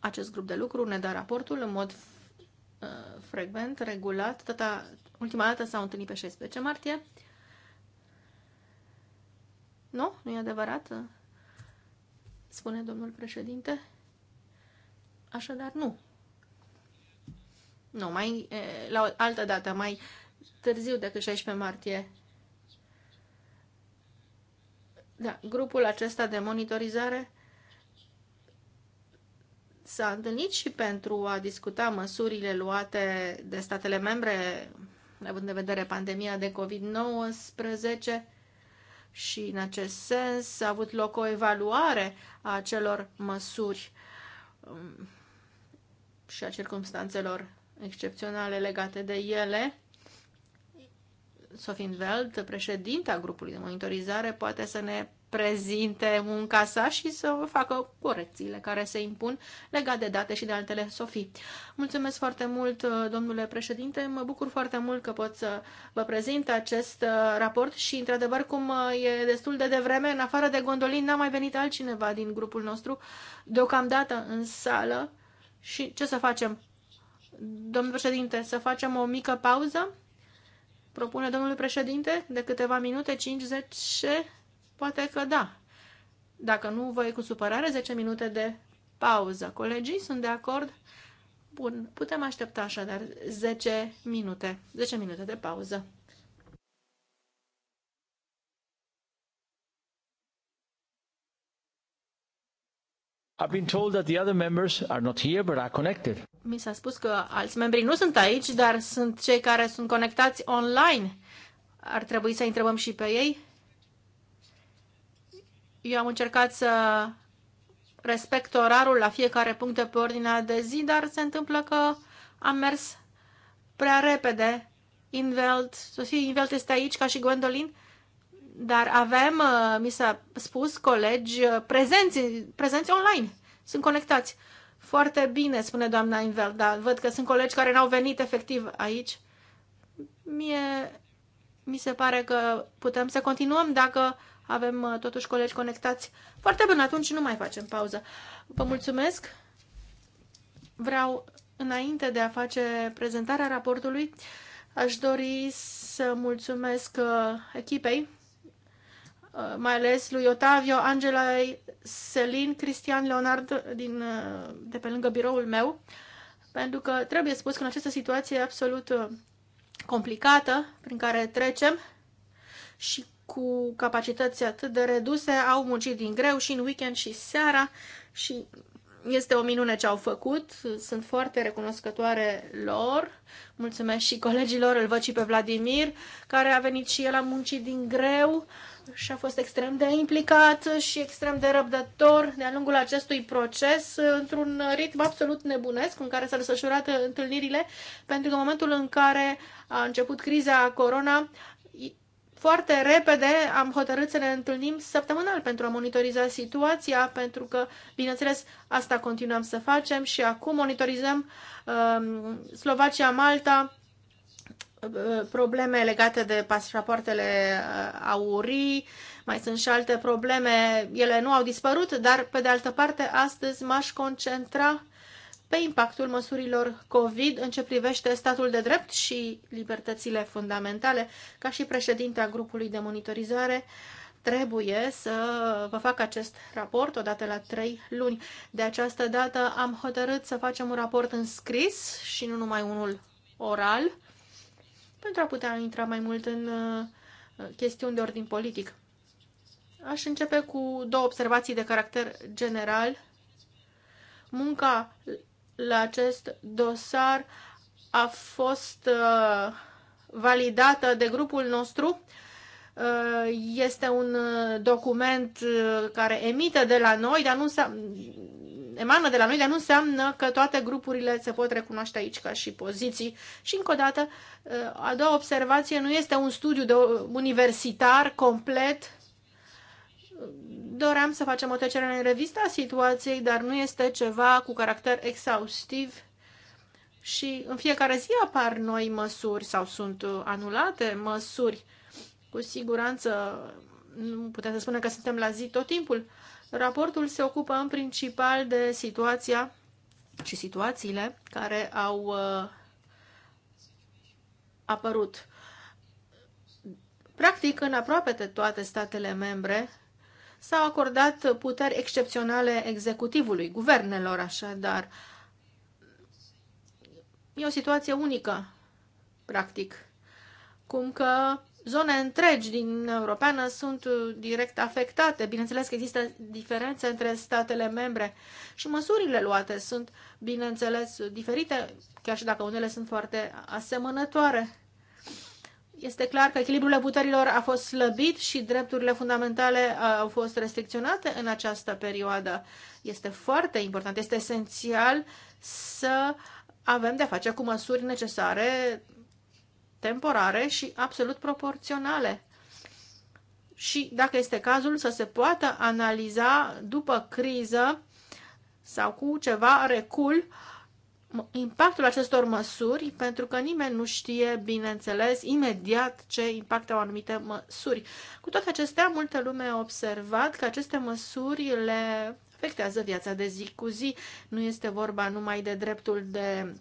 acest grup de lucru ne dă raportul în mod uh, frecvent, regulat. Tata, ultima dată s-au întâlnit pe 16 martie. Nu? Nu e adevărat? Spune domnul președinte. Așadar, nu. Nu, mai, la o altă dată, mai târziu decât 16 martie. Da, grupul acesta de monitorizare s-a întâlnit și pentru a discuta măsurile luate de statele membre, având în vedere pandemia de COVID-19 și în acest sens a avut loc o evaluare a acelor măsuri și a circumstanțelor excepționale legate de ele, Sofin Veld, președinta grupului de monitorizare, poate să ne prezinte munca sa și să facă corecțiile care se impun legate de date și de altele Sofii. Mulțumesc foarte mult, domnule președinte. Mă bucur foarte mult că pot să vă prezint acest uh, raport și, într-adevăr, cum uh, e destul de devreme, în afară de Gondolin, n-a mai venit altcineva din grupul nostru deocamdată în sală și ce să facem? Domnul președinte, să facem o mică pauză? Propune domnul președinte de câteva minute, 50? Poate că da. Dacă nu voi cu supărare, 10 minute de pauză. Colegii sunt de acord? Bun, putem aștepta așadar 10 minute. 10 minute de pauză. I've been told that the other members are not here, but are connected. Mi s-a spus că alți membri nu sunt aici, dar sunt cei care sunt conectați online. Ar trebui să întrebăm și pe ei. Eu am încercat să respect orarul la fiecare punct de pe ordinea de zi, dar se întâmplă că am mers prea repede. Invelt, Sofie Invelt este aici ca și Gwendoline. Dar avem, uh, mi s-a spus, colegi uh, prezenți, prezenți online. Sunt conectați. Foarte bine, spune doamna Invel, dar văd că sunt colegi care n-au venit efectiv aici. Mie mi se pare că putem să continuăm dacă avem uh, totuși colegi conectați. Foarte bine, atunci nu mai facem pauză. Vă mulțumesc. Vreau, înainte de a face prezentarea raportului, aș dori să mulțumesc echipei Uh, mai ales lui Otavio, Angela, Selin, Cristian, Leonard din, uh, de pe lângă biroul meu, pentru că trebuie spus că în această situație absolut uh, complicată prin care trecem și cu capacități atât de reduse, au muncit din greu și în weekend și seara și este o minune ce au făcut. Sunt foarte recunoscătoare lor. Mulțumesc și colegilor, îl văd și pe Vladimir, care a venit și el, a muncit din greu. Uh, și a fost extrem de implicat și extrem de răbdător de-a lungul acestui proces, într-un ritm absolut nebunesc în care s-au desfășurat întâlnirile, pentru că în momentul în care a început criza corona, foarte repede am hotărât să ne întâlnim săptămânal pentru a monitoriza situația, pentru că, bineînțeles, asta continuăm să facem și acum monitorizăm um, Slovacia, Malta, probleme legate de pasapoartele uh, aurii, mai sunt și alte probleme. Ele nu au dispărut, dar pe de altă parte astăzi m-aș concentra pe impactul măsurilor COVID în ce privește statul de drept și libertățile fundamentale. Ca și președintea grupului de monitorizare, trebuie să vă fac acest raport odată la trei luni. De această dată am hotărât să facem un raport în scris și nu numai unul oral pentru a putea intra mai mult în uh, chestiuni de ordin politic. Aș începe cu două observații de caracter general. Munca la acest dosar a fost uh, validată de grupul nostru. Uh, este un document care emite de la noi, dar nu emană de la noi, dar nu înseamnă că toate grupurile se pot recunoaște aici ca și poziții. Și încă o dată, eh, a doua observație nu este un studiu de universitar complet. Doream să facem o trecere în revista situației, dar nu este ceva cu caracter exhaustiv și în fiecare zi apar noi măsuri sau sunt eh, anulate măsuri. Cu siguranță nu putem să spunem că suntem la zi tot timpul, Raportul se ocupă în principal de situația și situațiile care au uh, apărut. Practic, în aproape toate statele membre s-au acordat puteri excepționale executivului, guvernelor așadar. E o situație unică, practic, cum că zone întregi din Europeană sunt uh, direct afectate. Bineînțeles că există diferențe între statele membre și măsurile luate sunt, bineînțeles, diferite, chiar și dacă unele sunt foarte asemănătoare. Este clar că echilibrul puterilor a fost slăbit și drepturile fundamentale uh, au fost restricționate în această perioadă. Este foarte important, este esențial să avem de-a face cu măsuri necesare temporare și absolut proporționale. Și, dacă este cazul, să se poată analiza după criză sau cu ceva recul impactul acestor măsuri, pentru că nimeni nu știe, bineînțeles, imediat ce impact au anumite măsuri. Cu toate acestea, multă lume a observat că aceste măsuri le afectează viața de zi cu zi. Nu este vorba numai de dreptul de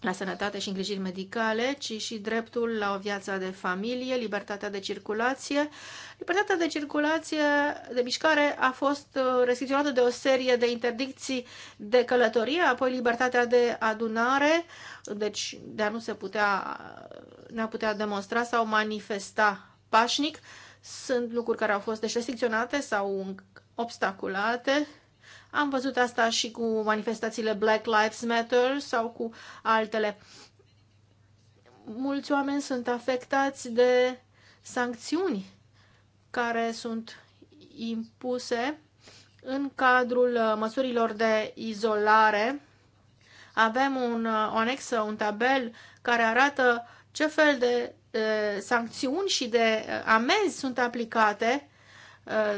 la sănătate și îngrijiri medicale, ci și dreptul la o viață de familie, libertatea de circulație. Libertatea de circulație, de mișcare, a fost uh, restricționată de o serie de interdicții de călătorie, apoi libertatea de adunare, deci de a nu se putea, ne-a putea demonstra sau manifesta pașnic. Sunt lucruri care au fost deci restricționate sau obstaculate am văzut asta și cu manifestațiile Black Lives Matter sau cu altele. Mulți oameni sunt afectați de sancțiuni care sunt impuse în cadrul uh, măsurilor de izolare. Avem un, uh, o anexă, un tabel care arată ce fel de e, uh, sancțiuni și de amenzi sunt aplicate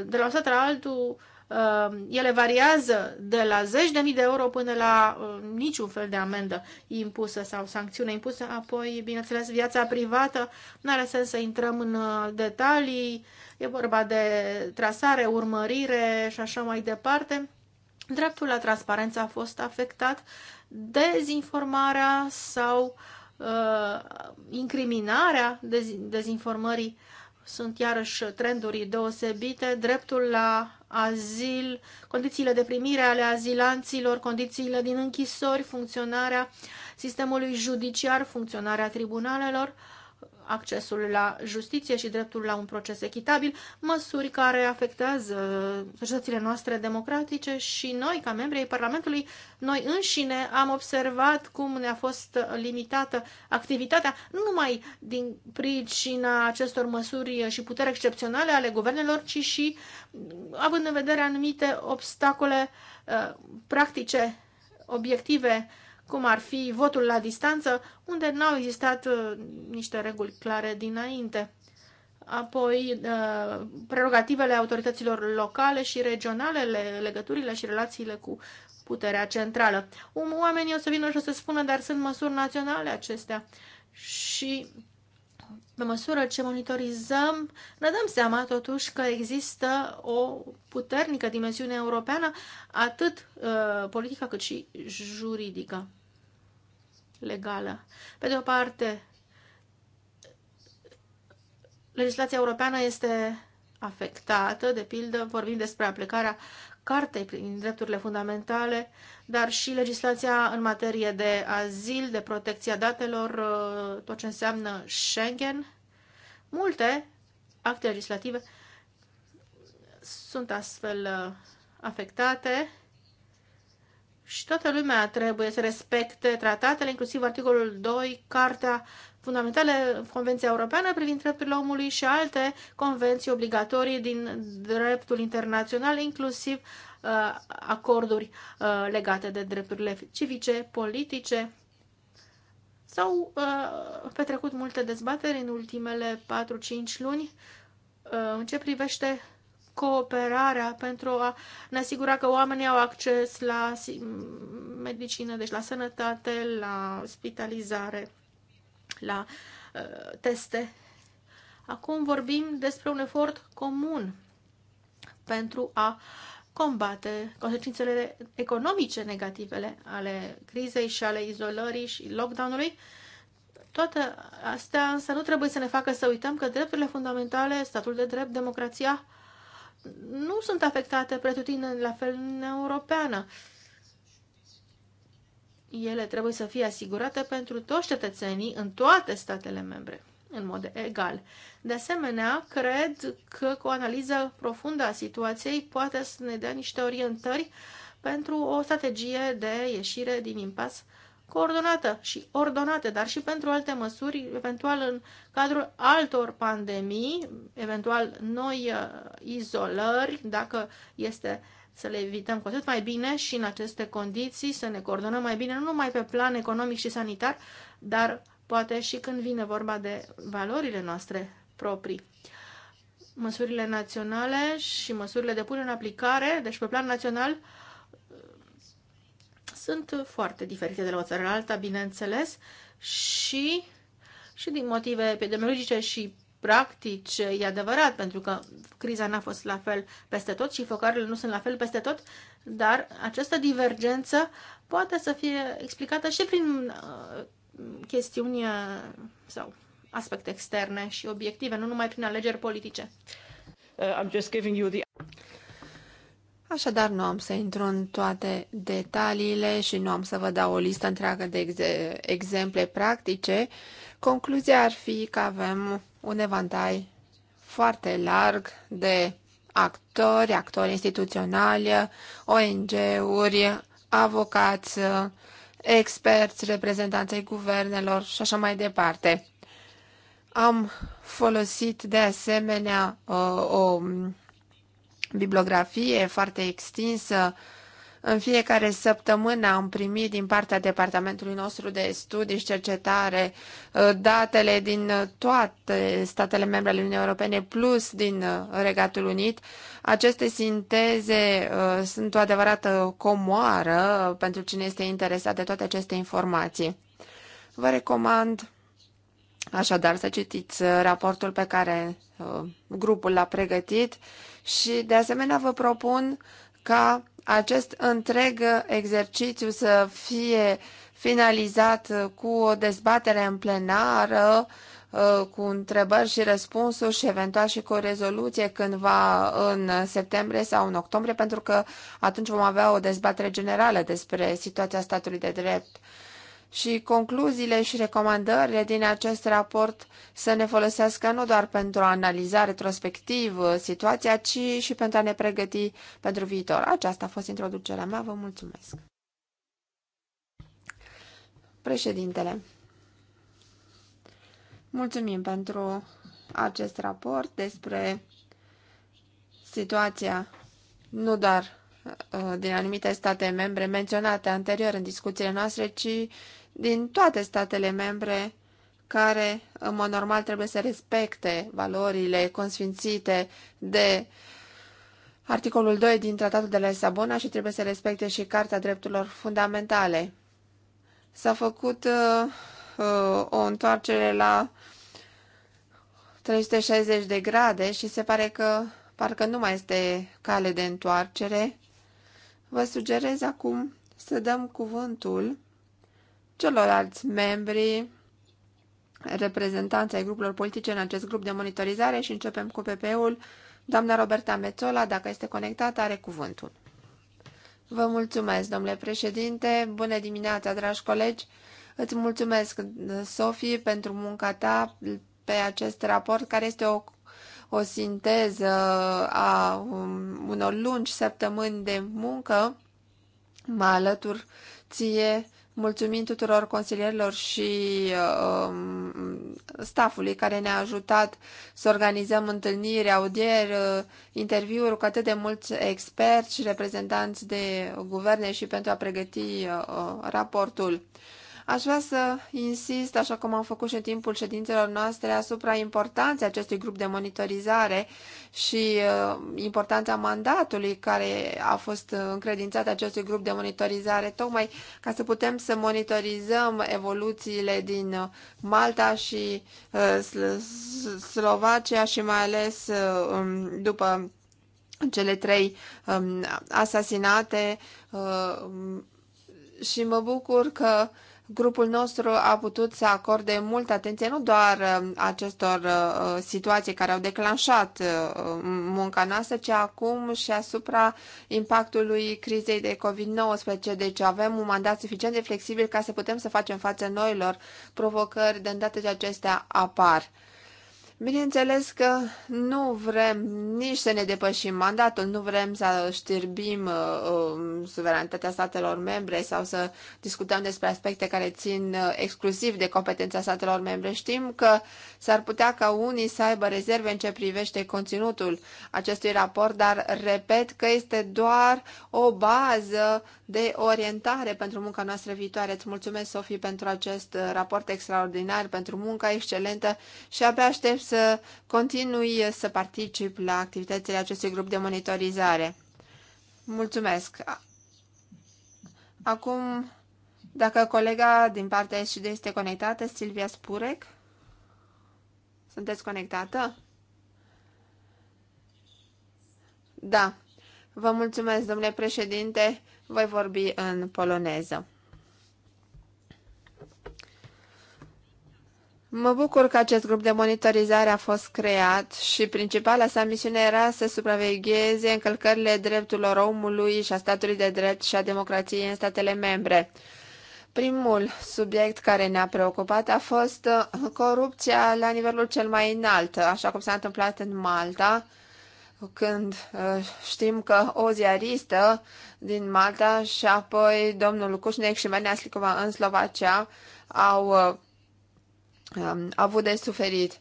de la o stat la altul Um, ele variază de la zeci de mii de euro până la um, niciun fel de amendă impusă sau sancțiune impusă. Apoi, bineînțeles, viața privată, nu are sens să intrăm în uh, detalii, e vorba de trasare, urmărire și așa mai departe. Dreptul la transparență a fost afectat, dezinformarea sau uh, incriminarea dez- dezinformării sunt iarăși trenduri deosebite, dreptul la azil, condițiile de primire ale azilanților, condițiile din închisori, funcționarea sistemului judiciar, funcționarea tribunalelor, accesul la justiție și dreptul la un proces echitabil, măsuri care afectează societățile noastre democratice și noi, ca membri ai Parlamentului, noi înșine am observat cum ne-a fost limitată activitatea, nu numai din pricina acestor măsuri și puteri excepționale ale guvernelor, ci și având în vedere anumite obstacole uh, practice, obiective, cum ar fi votul la distanță, unde n-au existat uh, niște reguli clare dinainte. Apoi, uh, prerogativele autorităților locale și regionale, legăturile și relațiile cu puterea centrală. Um, oamenii o să vină și o să spună, dar sunt măsuri naționale acestea. Și pe măsură ce monitorizăm, ne dăm seama totuși că există o puternică dimensiune europeană, atât uh, politică cât și juridică legală. Pe de o parte, legislația europeană este afectată, de pildă vorbim despre aplicarea cartei prin drepturile fundamentale, dar și legislația în materie de azil, de protecția datelor, uh, tot ce înseamnă Schengen. Multe acte legislative sunt astfel uh, afectate și toată lumea trebuie să respecte tratatele, inclusiv articolul 2, Cartea Fundamentale, Convenția Europeană privind drepturile omului și alte convenții obligatorii din dreptul internațional, inclusiv uh, acorduri uh, legate de drepturile civice, politice. S-au uh, petrecut multe dezbateri în ultimele 4-5 luni uh, în ce privește cooperarea pentru a ne asigura că oamenii au acces la medicină, deci la sănătate, la spitalizare, la uh, teste. Acum vorbim despre un efort comun pentru a combate consecințele economice negativele ale crizei și ale izolării și lockdown-ului. Toate astea însă nu trebuie să ne facă să uităm că drepturile fundamentale, statul de drept, democrația, nu sunt afectate pretutindeni la fel în Europeană. Ele trebuie să fie asigurate pentru toți cetățenii în toate statele membre, în mod egal. De asemenea, cred că cu o analiză profundă a situației poate să ne dea niște orientări pentru o strategie de ieșire din impas uh, coordonată și ordonată, dar și pentru alte măsuri, eventual în cadrul altor pandemii, eventual noi uh, izolări, dacă este să le evităm cu atât mai bine și în aceste condiții, să ne coordonăm mai bine, nu numai pe plan economic și sanitar, dar poate și când vine vorba de valorile noastre proprii. Măsurile naționale și măsurile de punere în aplicare, deci pe plan național, uh, sunt foarte diferite de la o țară la alta, bineînțeles, și, și din motive epidemiologice și practice, e adevărat, pentru că criza n-a fost la fel peste tot și focarele nu sunt la fel peste tot, dar această divergență poate să fie explicată și prin uh, chestiuni uh, sau aspecte externe și obiective, nu numai prin alegeri politice. Uh, I'm just giving you the... Așadar, nu am să intru în toate detaliile și nu am să vă dau o listă întreagă de ex exemple practice. Concluzia ar fi că avem un evantai foarte larg de actori, actori instituționali, ONG-uri, avocați, experți, reprezentanței guvernelor și așa mai departe. Am folosit de asemenea uh, o, o bibliografie foarte extinsă. În fiecare săptămână am primit din partea departamentului nostru de studii și cercetare uh, datele din uh, toate statele membre ale Uniunii Europene plus din uh, Regatul Unit. Aceste sinteze sunt o adevărată comoară pentru cine este interesat de toate aceste informații. Vă recomand așadar să citiți raportul pe care grupul l-a pregătit și de asemenea vă propun ca acest întreg exercițiu să fie finalizat cu o dezbatere în plenară, uh, cu întrebări și răspunsuri și eventual și cu o rezoluție cândva în septembrie sau în octombrie, pentru că atunci vom avea o dezbatere generală despre situația statului de drept și concluziile și recomandările din acest raport să ne folosească nu doar pentru a analiza retrospectiv uh, situația, ci și pentru a ne pregăti pentru viitor. Aceasta a fost introducerea mea. Vă mulțumesc. Președintele, mulțumim pentru acest raport despre situația nu doar Uh, din anumite state membre menționate anterior în discuțiile noastre, ci din toate statele membre care, în mod normal, trebuie să respecte valorile consfințite de articolul 2 din Tratatul de la Lisabona și trebuie să respecte și Carta Drepturilor Fundamentale. S-a făcut uh, uh, o întoarcere la 360 de grade și se pare că parcă nu mai este cale de întoarcere Vă sugerez acum să dăm cuvântul celorlalți membri, reprezentanți ai grupurilor politice în acest grup de monitorizare și începem cu PP-ul. Doamna Roberta Mețola, dacă este conectată, are cuvântul. Vă mulțumesc, domnule președinte. Bună dimineața, dragi colegi. Îți mulțumesc, Sofie, pentru munca ta pe acest raport, care este o o sinteză a um, unor lungi săptămâni de muncă. Mă alătur ție mulțumim tuturor consilierilor și uh, staffului care ne-a ajutat să organizăm întâlniri, audieri, interviuri cu atât de mulți experți și reprezentanți de guverne și pentru a pregăti uh, raportul. Aș vrea să insist, așa cum am făcut și în timpul ședințelor noastre, asupra importanței acestui grup de monitorizare și uh, importanța mandatului care a fost încredințat acestui grup de monitorizare, tocmai ca să putem să monitorizăm evoluțiile din uh, Malta și uh, Slovacia și mai ales uh, um, după cele trei um, asasinate uh, și mă bucur că uh, Grupul nostru a putut să acorde multă atenție nu doar uh, acestor uh, uh, situații care au declanșat munca noastră, ci acum și asupra impactului crizei de COVID-19. Deci avem un mandat suficient de flexibil ca să putem să facem față noilor provocări de îndată ce acestea apar. Bineînțeles că nu vrem nici să ne depășim mandatul, nu vrem să știrbim uh, um, suveranitatea statelor membre sau să discutăm despre aspecte care țin uh, exclusiv de competența statelor membre. Știm că s-ar putea ca unii să aibă rezerve în ce privește conținutul acestui raport, dar repet că este doar o bază de orientare pentru munca noastră viitoare. Îți mulțumesc, Sofie, pentru acest uh, raport extraordinar, pentru munca excelentă și abia aștept să continui să particip la activitățile acestui grup de monitorizare. Mulțumesc! Acum, dacă colega din partea SCD este conectată, Silvia Spurec, sunteți conectată? Da. Vă mulțumesc, domnule președinte. Voi vorbi în poloneză. Mă bucur că acest grup de monitorizare a fost creat și principala sa misiune era să supravegheze încălcările drepturilor omului și a statului de drept și a democrației în statele membre. Primul subiect care ne-a preocupat a fost uh, corupția la nivelul cel mai înalt, așa cum s-a întâmplat în Malta, când uh, știm că o ziaristă din Malta și apoi domnul Cușnec și Mania Slicova în Slovacia au uh, um, avut de suferit.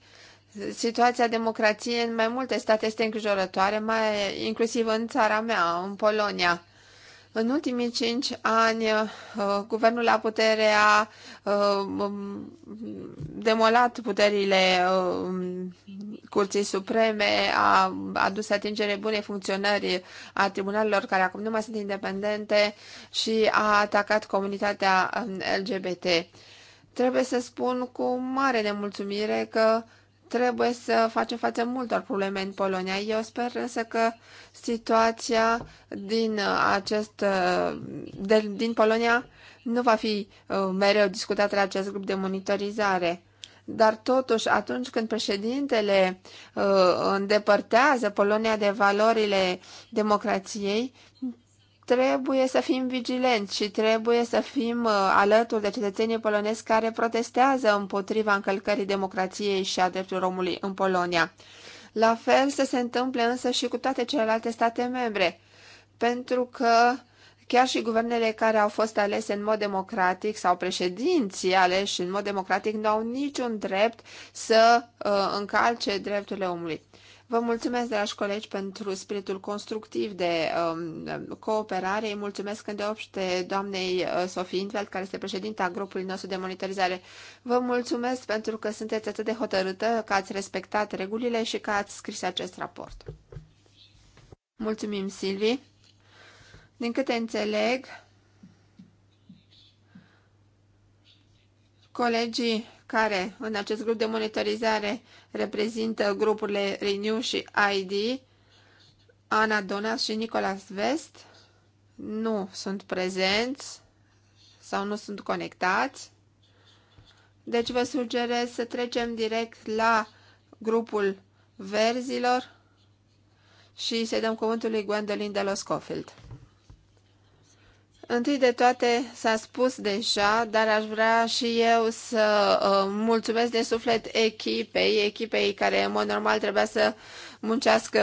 Situația democrației în mai multe state este îngrijorătoare, mai, inclusiv în țara mea, în Polonia. În ultimii cinci ani, uh, guvernul la putere a uh, um, demolat puterile um, Curții Supreme, a adus atingere bune funcționării a tribunalelor care acum nu mai sunt independente și a atacat comunitatea um, LGBT. Trebuie să spun cu mare nemulțumire că trebuie să facem față multor probleme în Polonia. Eu sper însă că situația din, uh, acest, uh, de, din Polonia nu va fi uh, mereu discutată la acest grup de monitorizare. Dar totuși, atunci când președintele îndepărtează Polonia de valorile democrației, trebuie să fim vigilenți și trebuie să fim uh, alături de cetățenii polonezi care protestează împotriva încălcării democrației și a drepturilor omului în Polonia. La fel să se întâmple însă și cu toate celelalte state membre, pentru că chiar și guvernele care au fost alese în mod democratic sau președinții aleși în mod democratic nu au niciun drept să uh, încalce drepturile omului. Vă mulțumesc, dragi colegi, pentru spiritul constructiv de um, cooperare. Îi mulțumesc deopște doamnei uh, Sofie Intveld, care este președinta grupului nostru de monitorizare. Vă mulțumesc pentru că sunteți atât de hotărâtă, că ați respectat regulile și că ați scris acest raport. Mulțumim, Silvi. Din câte înțeleg, colegii care în acest grup de monitorizare reprezintă grupurile Renew și ID, Ana Donas și Nicolas Vest, nu sunt prezenți sau nu sunt conectați. Deci vă sugerez să trecem direct la grupul verzilor și să dăm cuvântul lui Gwendolyn de Schofield. Întâi de toate s-a spus deja, dar aș vrea și eu să uh, mulțumesc de suflet echipei, echipei care în mod normal trebuia să muncească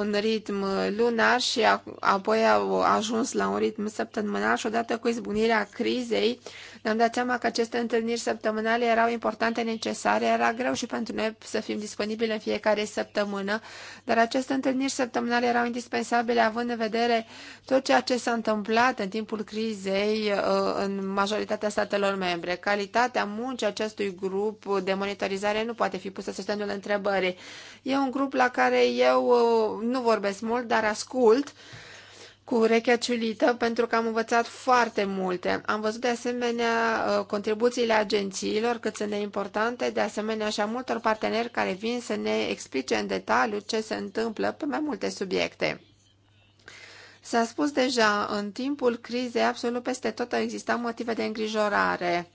în ritm lunar și apoi au ajuns la un ritm săptămânal și odată cu izbunirea crizei ne-am dat seama că aceste întâlniri săptămânale erau importante, necesare, era greu și pentru noi să fim disponibili în fiecare săptămână, dar aceste întâlniri săptămânale erau indispensabile având în vedere tot ceea ce s-a întâmplat în timpul crizei uh, în majoritatea statelor membre. Calitatea muncii acestui grup de monitorizare nu poate fi pusă sub semnul întrebării. E un grup la care eu uh, nu vorbesc mult, dar ascult cu urechea ciulită pentru că am învățat foarte multe. Am văzut de asemenea uh, contribuțiile agențiilor cât sunt de importante, de asemenea și a multor parteneri care vin să ne explice în detaliu ce se întâmplă pe mai multe subiecte. S-a spus deja, în timpul crizei absolut peste tot au existat motive de îngrijorare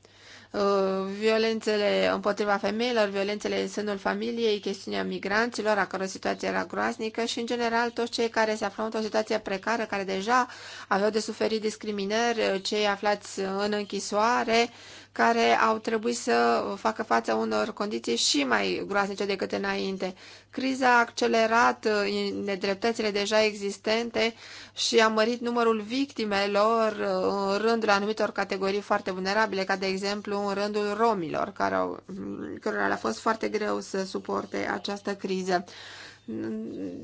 Uh, violențele împotriva femeilor, violențele în sânul familiei, chestiunea migranților, a căror situație era groaznică și, în general, toți cei care se aflau într-o situație precară, care deja aveau de suferit discriminări, uh, cei aflați în închisoare, care au trebuit să facă față unor condiții și mai groaznice decât înainte. Criza a accelerat uh, nedreptățile deja existente și a mărit numărul victimelor uh, în rândul anumitor categorii foarte vulnerabile, ca de exemplu în rândul romilor, care au, mm, cărora le-a fost foarte greu să suporte această criză.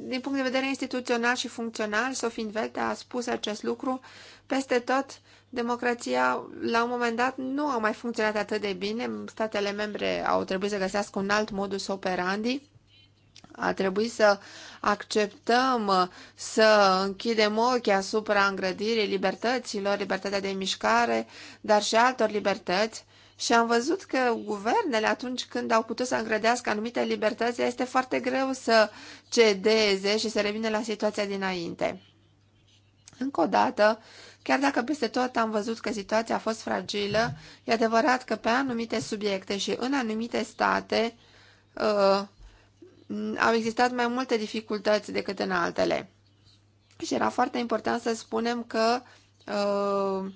Din punct de vedere instituțional și funcțional, Sofie Velte a spus acest lucru peste tot democrația la un moment dat nu a mai funcționat atât de bine, statele membre au trebuit să găsească un alt modus operandi, a trebuit să acceptăm să închidem ochii asupra îngrădirii libertăților, libertatea de mișcare, dar și altor libertăți. Și am văzut că guvernele, atunci când au putut să îngrădească anumite libertăți, este foarte greu să cedeze și să revină la situația dinainte. Încă o dată, Chiar dacă peste tot am văzut că situația a fost fragilă, e adevărat că pe anumite subiecte și în anumite state uh, au existat mai multe dificultăți decât în altele. Și era foarte important să spunem că uh,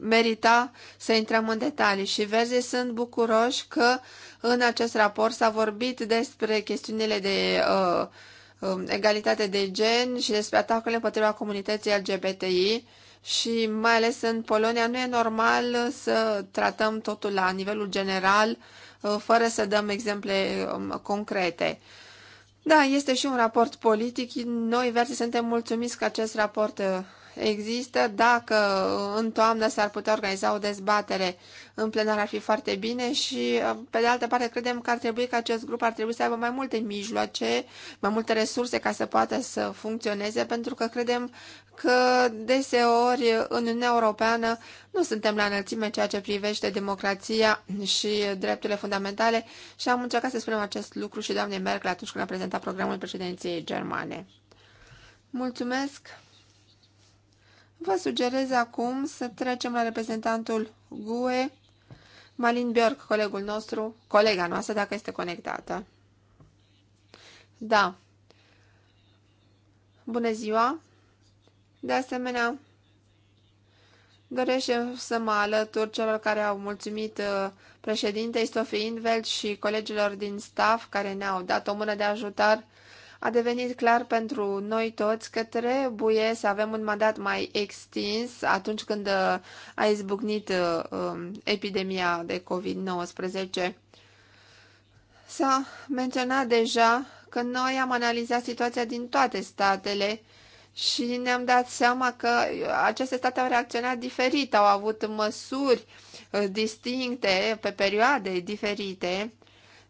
merita să intrăm în detalii și verzii sunt bucuroși că în acest raport s-a vorbit despre chestiunile de uh, Um, egalitate de gen și despre atacurile împotriva comunității LGBTI și mai ales în Polonia nu e normal să tratăm totul la nivelul general uh, fără să dăm exemple um, concrete. Da, este și un raport politic. Noi, verzi, suntem mulțumiți că acest raport uh, există, dacă în toamnă s-ar putea organiza o dezbatere în plenar ar fi foarte bine și, uh, pe de altă parte, credem că ar trebui că acest grup ar trebui să aibă mai multe mijloace, mai multe resurse ca să poată să funcționeze, pentru că credem că deseori în Uniunea Europeană nu suntem la înălțime ceea ce privește democrația și drepturile fundamentale și am încercat să spunem acest lucru și doamnei Merkel atunci când a prezentat programul președinției germane. Mulțumesc! Vă sugerez acum să trecem la reprezentantul GUE, Malin Björk, colegul nostru, colega noastră, dacă este conectată. Da. Bună ziua! De asemenea, doresc să mă alătur celor care au mulțumit uh, președintei Sofie Invelt și colegilor din staff care ne-au dat o mână de ajutor a devenit clar pentru noi toți că trebuie să avem un mandat mai extins atunci când uh, a izbucnit uh, um, epidemia de COVID-19. S-a menționat deja că noi am analizat situația din toate statele și ne-am dat seama că uh, aceste state au reacționat diferit, au avut măsuri distincte pe perioade diferite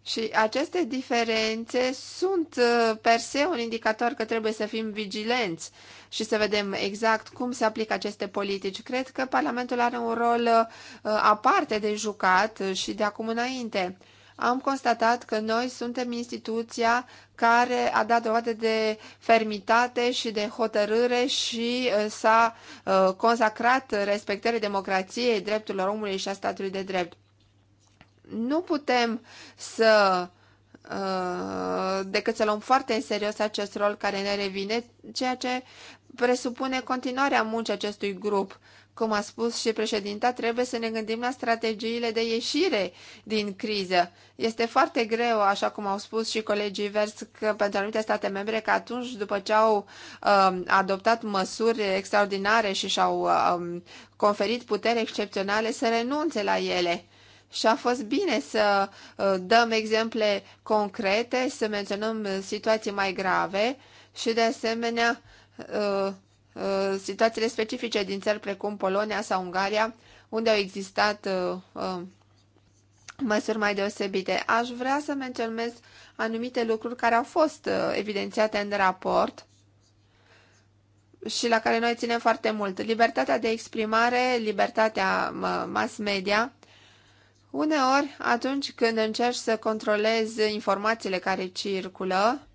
și aceste diferențe sunt uh, per se un indicator că trebuie să fim vigilenți și să vedem exact cum se aplică aceste politici. Cred că Parlamentul are un rol uh, aparte de jucat uh, și de acum înainte. Am constatat că noi suntem instituția care a dat dovadă de fermitate și de hotărâre și s-a consacrat respectării democrației, drepturilor omului și a statului de drept nu putem să uh, decât să luăm foarte în serios acest rol care ne revine, ceea ce presupune continuarea muncii acestui grup. Cum a spus și președinta, trebuie să ne gândim la strategiile de ieșire din criză. Este foarte greu, așa cum au spus și colegii vers, că pentru anumite state membre, că atunci, după ce au um, adoptat măsuri extraordinare și și-au um, conferit putere excepționale, să renunțe la ele. Și a fost bine să uh, dăm exemple concrete, să menționăm situații mai grave și, de asemenea, uh, uh, situațiile specifice din țări precum Polonia sau Ungaria, unde au existat măsuri mai deosebite. Aș vrea să menționez anumite lucruri care au fost evidențiate în raport și la care noi ținem foarte mult. Libertatea de exprimare, libertatea mass media, Uneori, atunci când încerci să controlezi informațiile care circulă,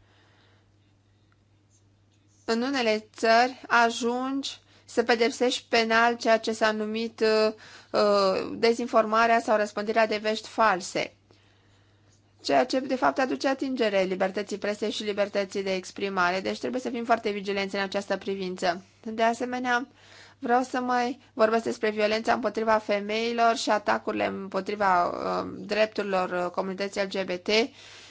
în unele țări ajungi să pedepsești penal ceea ce s-a numit uh, dezinformarea sau răspândirea de vești false, ceea ce de fapt aduce atingere libertății presei și libertății de exprimare, deci trebuie să fim foarte vigilenți în această privință. De asemenea, Vreau să mai vorbesc despre violența împotriva femeilor și atacurile împotriva um, uh, drepturilor comunității LGBT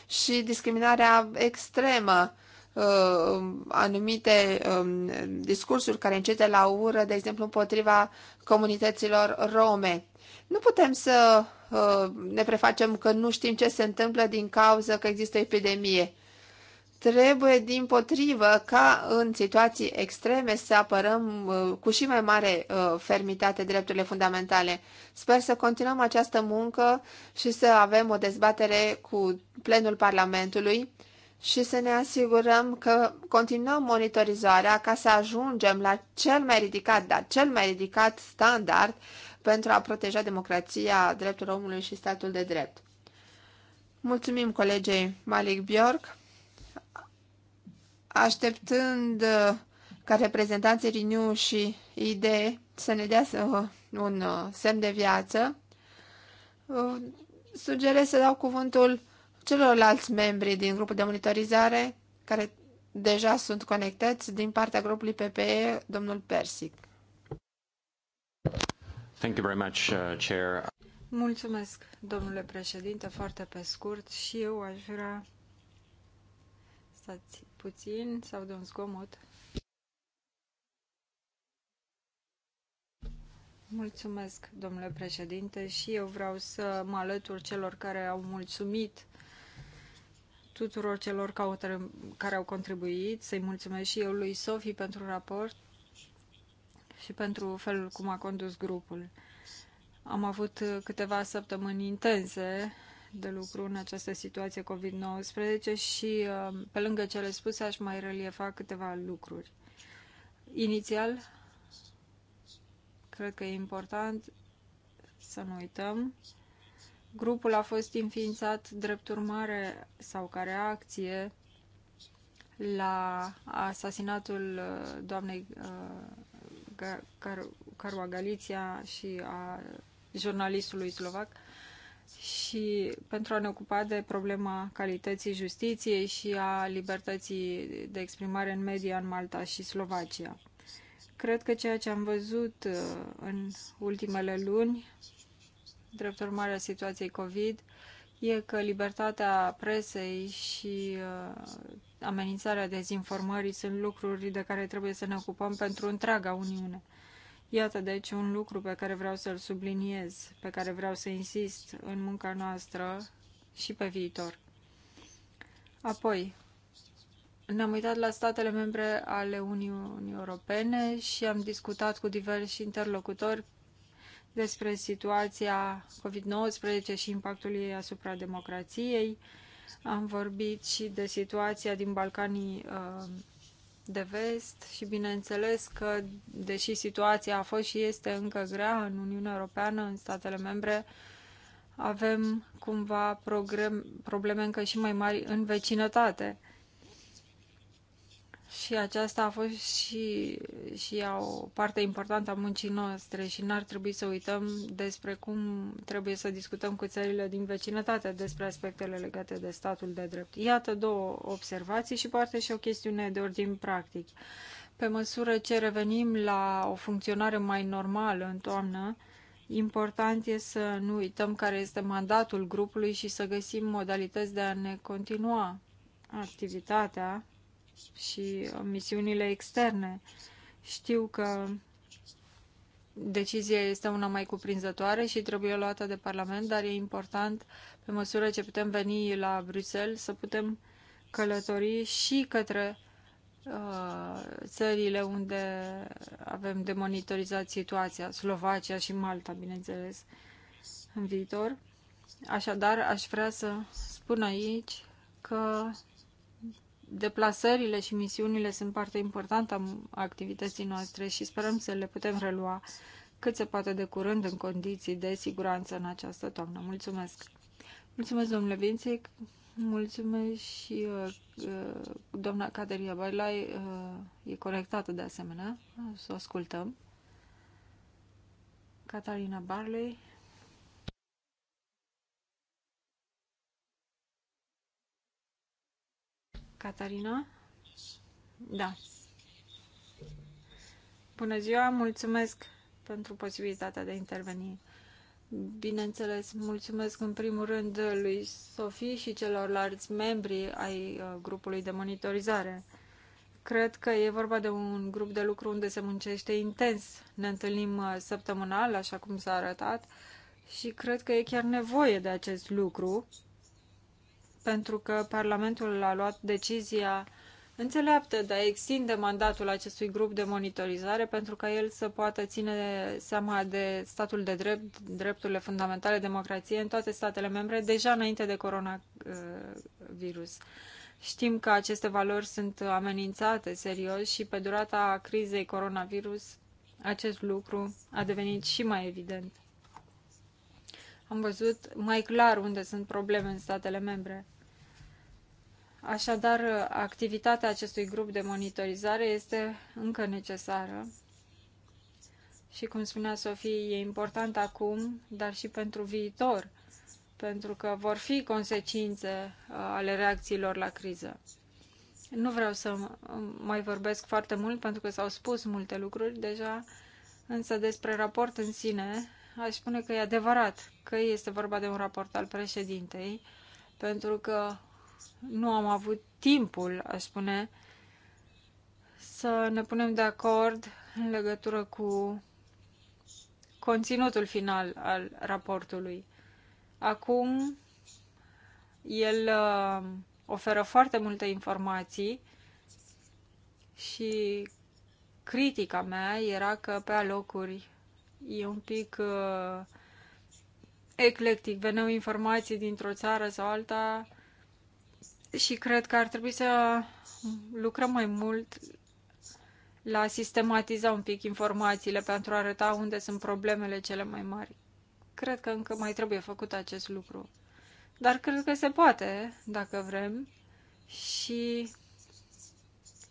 și discriminarea extremă uh, anumite um, discursuri care încete la ură, de exemplu, împotriva comunităților rome. Nu putem să uh, ne prefacem că nu știm ce se întâmplă din cauza că există epidemie. Trebuie, din potrivă, ca în situații extreme să apărăm uh, cu și mai mare uh, fermitate drepturile fundamentale. Sper să continuăm această muncă și să avem o dezbatere cu plenul Parlamentului și să ne asigurăm că continuăm monitorizarea ca să ajungem la cel mai ridicat, dar cel mai ridicat standard pentru a proteja democrația, dreptul omului și statul de drept. Mulțumim colegei Malik Bjork așteptând uh, ca reprezentanții Renew și ID să ne dea uh, un uh, semn de viață, sugerez să dau cuvântul celorlalți membri din grupul de monitorizare care deja sunt conectați din partea grupului PPE, domnul Persic. Thank you very much, uh, Chair. Mulțumesc, domnule președinte, foarte pe scurt și eu aș vrea să-ți puțin sau de un zgomot. Mulțumesc, domnule președinte, și eu vreau să mă alătur celor care au mulțumit tuturor celor care au contribuit, să-i mulțumesc și eu lui Sofi pentru raport și pentru felul cum a condus grupul. Am avut câteva săptămâni intense de lucru în această situație COVID-19 și uh, pe lângă cele spuse aș mai reliefa câteva lucruri. Inițial, cred că e important să nu uităm, grupul a fost înființat drept urmare sau ca reacție la asasinatul uh, doamnei uh, Carua Galiția și a jurnalistului slovac și pentru a ne ocupa de problema calității justiției și a libertății de exprimare în media în Malta și Slovacia. Cred că ceea ce am văzut uh, în ultimele luni, drept urmare a situației COVID, e că libertatea presei și uh, amenințarea dezinformării sunt lucruri de care trebuie să ne ocupăm pentru întreaga Uniune. Iată deci un lucru pe care vreau să-l subliniez, pe care vreau să insist în munca noastră și pe viitor. Apoi, ne-am uitat la statele membre ale Uniunii Europene și am discutat cu diversi interlocutori despre situația COVID-19 și impactul ei asupra democrației. Am vorbit și de situația din Balcanii uh, de vest și bineînțeles că, deși situația a fost și este încă grea în Uniunea Europeană, în statele membre, avem cumva probleme încă și mai mari în vecinătate. Și aceasta a fost și, și o parte importantă a muncii noastre și n-ar trebui să uităm despre cum trebuie să discutăm cu țările din vecinătate despre aspectele legate de statul de drept. Iată două observații și poate și o chestiune de ordin practic. Pe măsură ce revenim la o funcționare mai normală în toamnă, important e să nu uităm care este mandatul grupului și să găsim modalități de a ne continua activitatea și misiunile externe. Știu că decizia este una mai cuprinzătoare și trebuie luată de Parlament, dar e important, pe măsură ce putem veni la Bruxelles, să putem călători și către uh, țările unde avem de monitorizat situația, Slovacia și Malta, bineînțeles, în viitor. Așadar, aș vrea să spun aici că deplasările și misiunile sunt parte importantă a activității noastre și sperăm să le putem relua cât se poate de curând în condiții de siguranță în această toamnă. Mulțumesc! Mulțumesc, domnule Vințic! Mulțumesc și uh, uh doamna Cateria Bailai uh, e conectată de asemenea. O să o ascultăm. Catalina Barley. Catarina? Da. Bună ziua, mulțumesc pentru posibilitatea de a interveni. Bineînțeles, mulțumesc în primul rând lui Sofie și celorlalți membri ai uh, grupului de monitorizare. Cred că e vorba de un grup de lucru unde se muncește intens. Ne întâlnim uh, săptămânal, așa cum s-a arătat, și cred că e chiar nevoie de acest lucru pentru că Parlamentul a luat decizia înțeleaptă de a extinde mandatul acestui grup de monitorizare pentru ca el să poată ține seama de statul de drept, drepturile fundamentale, democrație în toate statele membre, deja înainte de coronavirus. Știm că aceste valori sunt amenințate serios și pe durata crizei coronavirus acest lucru a devenit și mai evident. Am văzut mai clar unde sunt probleme în statele membre. Așadar, activitatea acestui grup de monitorizare este încă necesară și, cum spunea Sofie, e important acum, dar și pentru viitor, pentru că vor fi consecințe uh, ale reacțiilor la criză. Nu vreau să mai vorbesc foarte mult pentru că s-au spus multe lucruri deja, însă despre raport în sine aș spune că e adevărat că este vorba de un raport al președintei, pentru că nu am avut timpul, a spune, să ne punem de acord în legătură cu conținutul final al raportului. Acum, el uh, oferă foarte multe informații și critica mea era că pe alocuri e un pic uh, eclectic. Veneau informații dintr-o țară sau alta și cred că ar trebui să lucrăm mai mult la sistematiza un pic informațiile pentru a arăta unde sunt problemele cele mai mari. Cred că încă mai trebuie făcut acest lucru. Dar cred că se poate, dacă vrem, și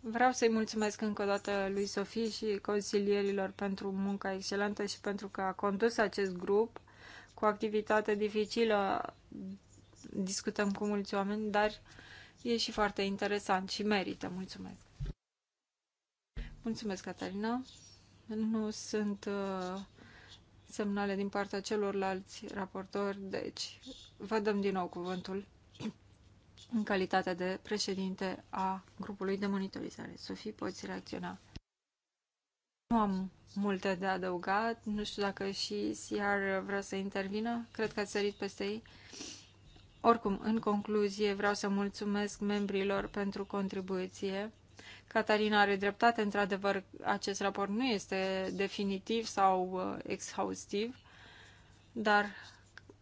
vreau să-i mulțumesc încă o dată lui Sofie și consilierilor pentru munca excelentă și pentru că a condus acest grup cu activitate dificilă. Discutăm cu mulți oameni, dar uh, e și foarte interesant și merită. Mulțumesc! Mulțumesc, Catalina! Nu sunt uh, semnale din partea celorlalți raportori, deci vă dăm din nou cuvântul în calitate de președinte a grupului de monitorizare. Sofie, poți reacționa. Nu am multe de adăugat, nu știu dacă și CR vrea să intervină, cred că ați sărit peste ei. Uh, oricum, în concluzie, vreau să mulțumesc membrilor pentru contribuție. Catarina are dreptate, într-adevăr, acest raport nu este definitiv sau uh, exhaustiv, dar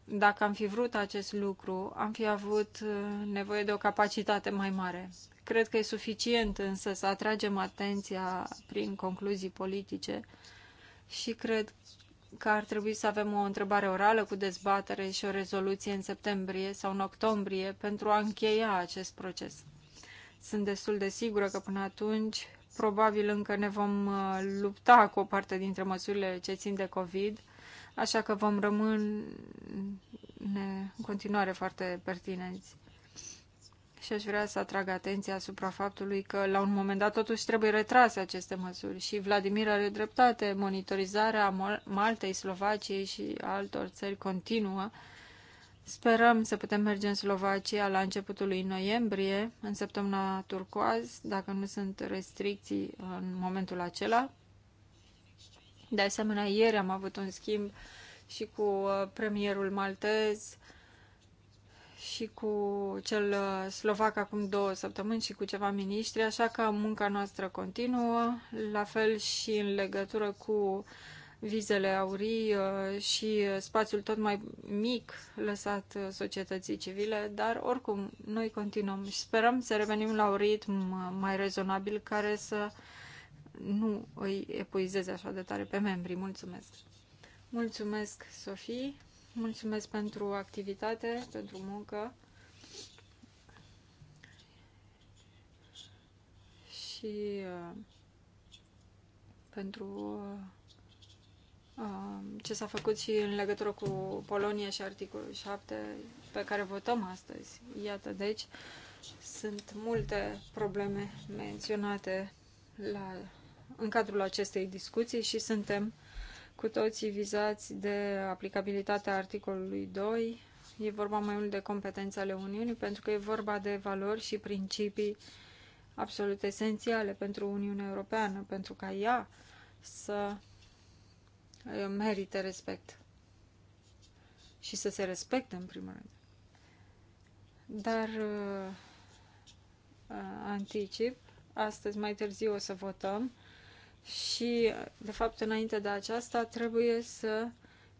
dacă am fi vrut acest lucru, am fi avut uh, nevoie de o capacitate mai mare. Cred că e suficient însă să atragem atenția prin concluzii politice și cred că ar trebui să avem o întrebare orală cu dezbatere și o rezoluție în septembrie sau în octombrie pentru a încheia acest proces. Sunt destul de sigură că până atunci probabil încă ne vom uh, lupta cu o parte dintre măsurile ce țin de COVID, așa că vom rămâne în continuare foarte pertinenți și aș vrea să atrag atenția asupra faptului că la un moment dat totuși trebuie retrase aceste măsuri și Vladimir are dreptate, monitorizarea Maltei, Slovaciei și altor țări continuă. Sperăm să putem merge în Slovacia la începutul lui noiembrie, în săptămâna turcoaz, dacă nu sunt restricții în momentul acela. De asemenea, ieri am avut un schimb și cu uh, premierul maltez, și cu cel uh, slovac acum două săptămâni și cu ceva miniștri, așa că munca noastră continuă, la fel și în legătură cu vizele aurii uh, și spațiul tot mai mic lăsat uh, societății civile, dar oricum noi continuăm și sperăm să revenim la un ritm mai rezonabil care să nu îi epuizeze așa de tare pe membrii. Mulțumesc! Mulțumesc, Sofie! Mulțumesc pentru activitate, pentru muncă și uh, pentru uh, uh, ce s-a făcut și în legătură cu Polonia și articolul 7 pe care votăm astăzi. Iată, deci, sunt multe probleme menționate la, în cadrul acestei discuții și suntem cu toții vizați de aplicabilitatea articolului 2. E vorba mai mult de competențe ale Uniunii, pentru că e vorba de valori și principii absolut esențiale pentru Uniunea Europeană, pentru ca ea să merite respect și să se respecte, în primul rând. Dar anticip, astăzi mai târziu o să votăm și, de fapt, înainte de aceasta, trebuie să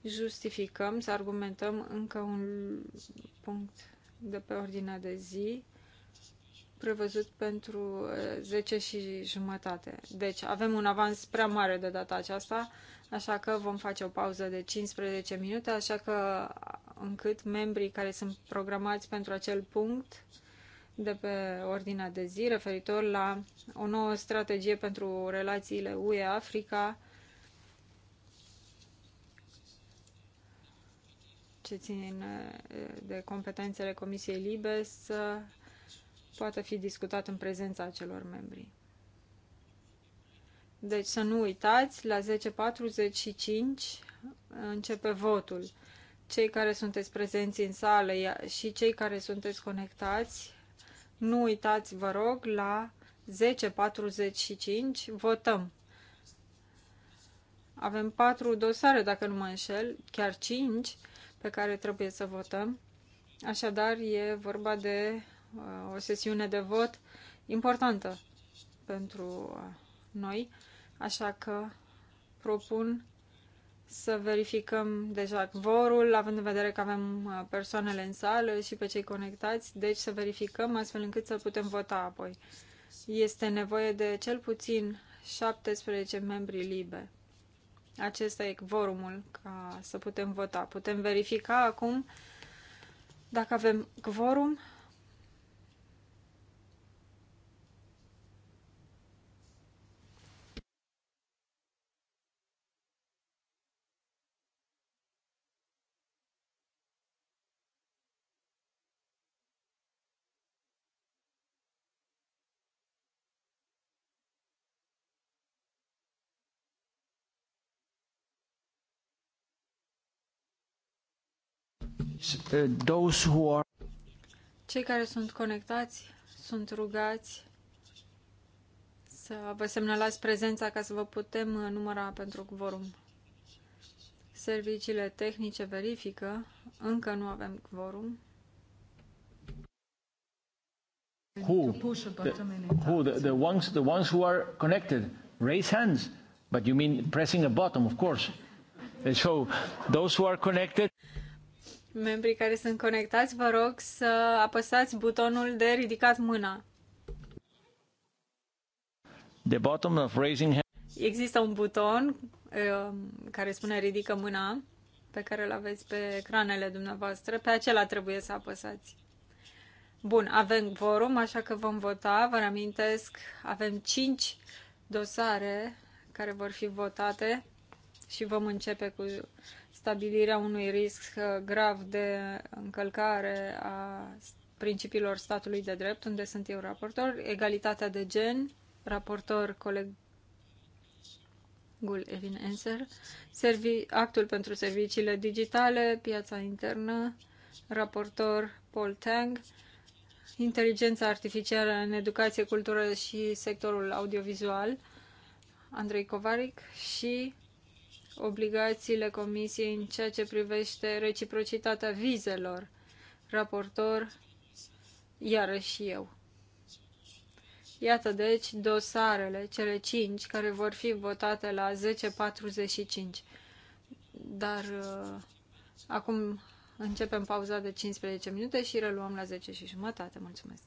justificăm, să argumentăm încă un punct de pe ordinea de zi prevăzut pentru 10 eh, și jumătate. Deci avem un avans prea mare de data aceasta, așa că vom face o pauză de 15 minute, așa că încât membrii care sunt programați pentru acel punct de pe ordinea de zi referitor la o nouă strategie pentru relațiile UE-Africa ce țin eh, de competențele Comisiei Libe să poată fi discutat în prezența acelor membri. Deci să nu uitați, la 10.45 începe votul. Cei care sunteți prezenți în sală și cei care sunteți conectați nu uitați, vă rog, la 10.45 votăm. Avem patru dosare, dacă nu mă înșel, chiar cinci, pe care trebuie să votăm. Așadar, e vorba de uh, o sesiune de vot importantă pentru uh, noi, așa că propun să verificăm deja vorul, având în vedere că avem uh, persoanele în sală și pe cei conectați, deci să verificăm astfel încât să putem vota apoi. Este nevoie de cel puțin 17 membri libe. Acesta e vorumul ca să putem vota. Putem verifica acum dacă avem quorum. those who are... Cei care sunt conectați sunt rugați să vă semnalați prezența ca să vă putem uh, număra pentru quorum. Serviciile tehnice verifică. Încă nu avem quorum. Who? The, who? The, the, ones, the ones who are connected. Raise hands. But you mean pressing a button, of course. And so those who are connected... Membrii care sunt conectați, vă rog să apăsați butonul de ridicat mâna. The bottom of raising hand. Există un buton uh, care spune ridică mâna pe care îl aveți pe ecranele dumneavoastră. Pe acela trebuie să apăsați. Bun, avem vorum, așa că vom vota. Vă amintesc, avem 5 dosare care vor fi votate și vom începe cu stabilirea unui risc uh, grav de încălcare a principiilor statului de drept, unde sunt eu raportor, egalitatea de gen, raportor coleg Gul Evin Enser, servi, actul pentru serviciile digitale, piața internă, raportor Paul Tang, inteligența artificială în educație, cultură și sectorul audiovizual, Andrei Covaric și obligațiile Comisiei în ceea ce privește reciprocitatea vizelor. Raportor, iarăși eu. Iată deci dosarele, cele cinci, care vor fi votate la 10.45. Dar uh, acum începem pauza de 15 minute și reluăm la 10 și jumătate. Mulțumesc!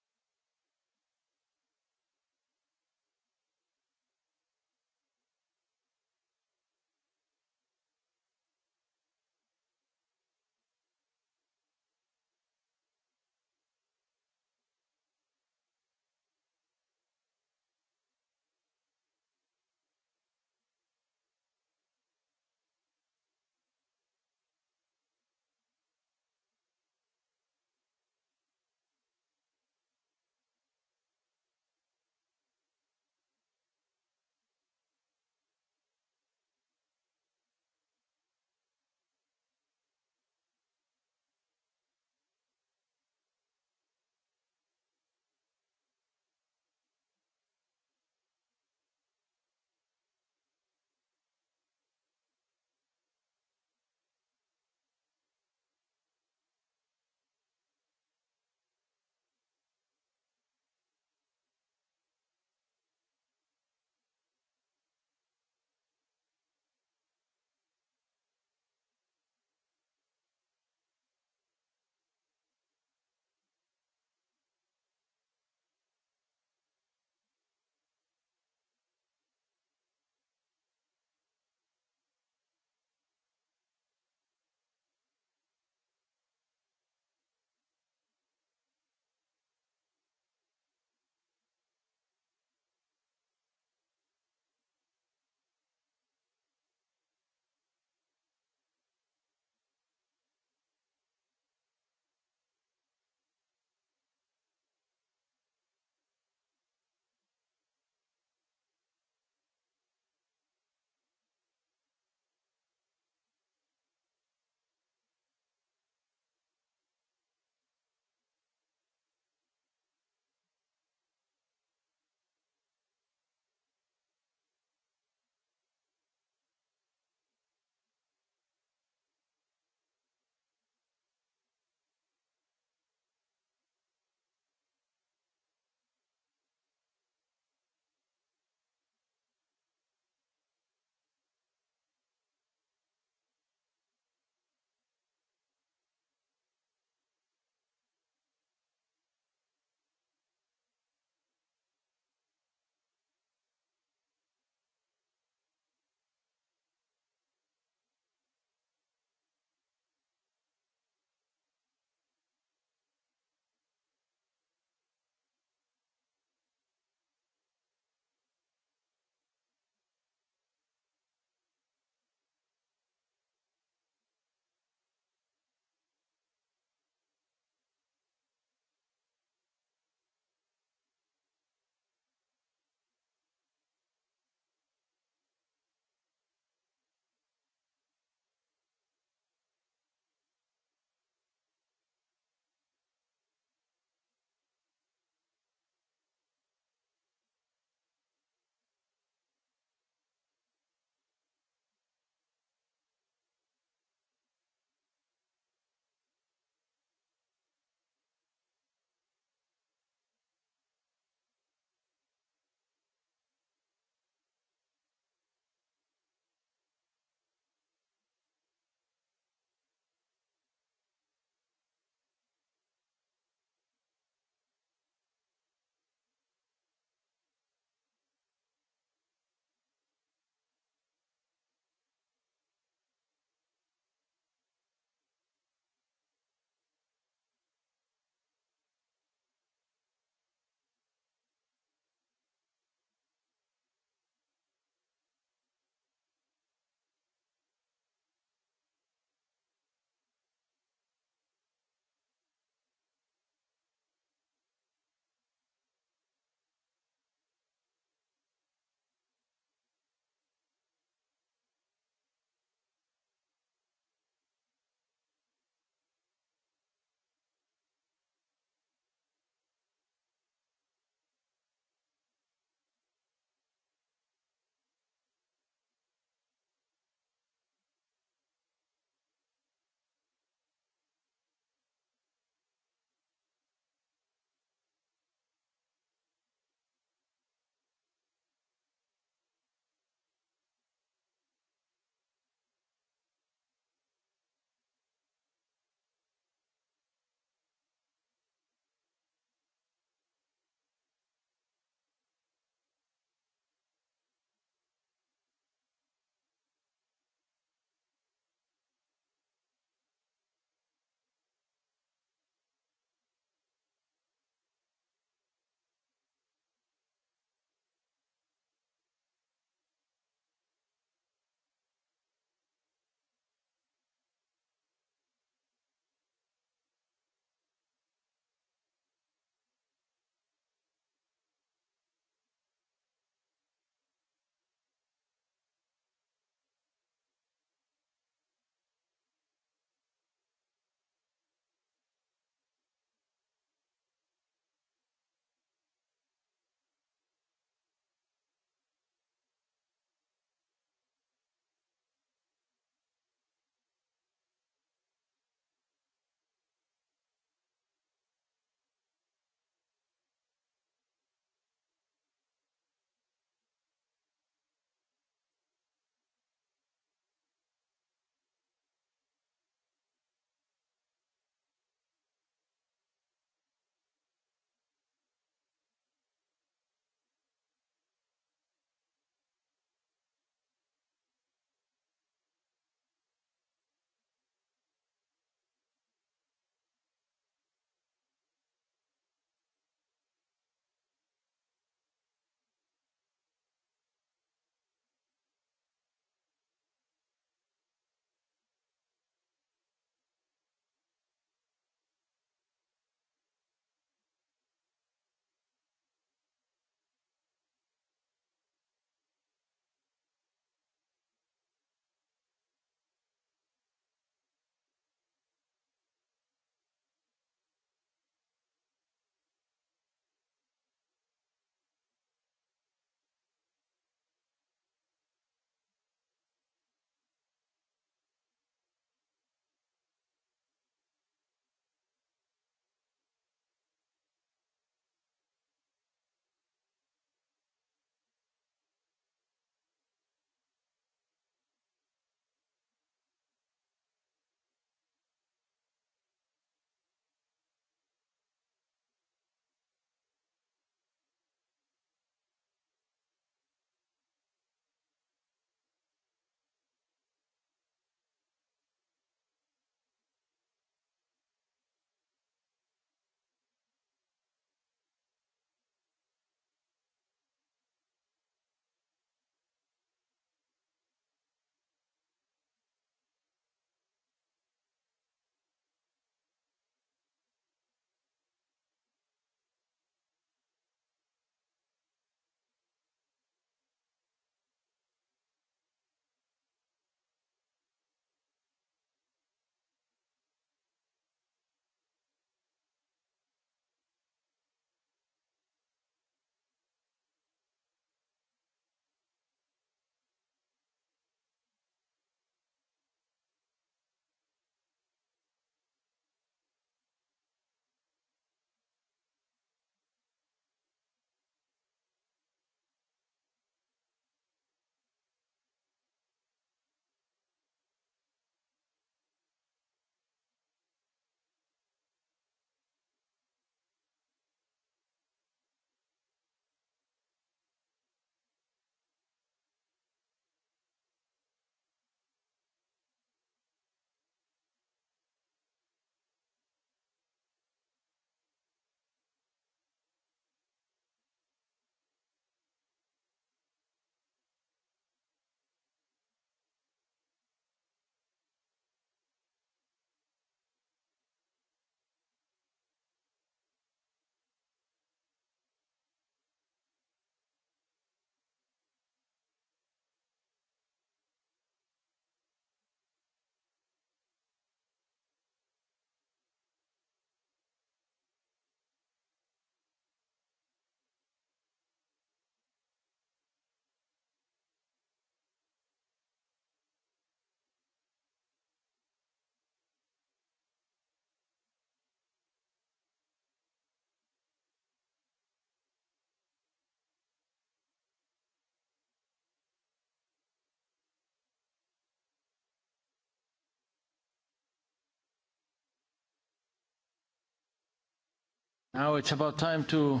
Now it's about time to,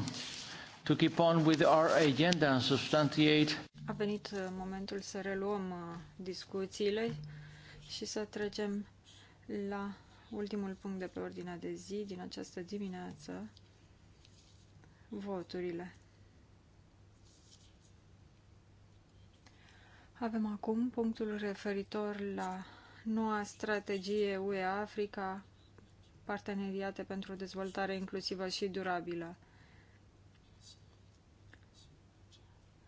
to keep on with our agenda and substantiate. A venit uh, momentul să reluăm uh, discuțiile și să trecem la ultimul punct de pe ordinea de zi din această dimineață, voturile. Avem acum punctul referitor la noua strategie UE Africa parteneriate pentru dezvoltare inclusivă și durabilă.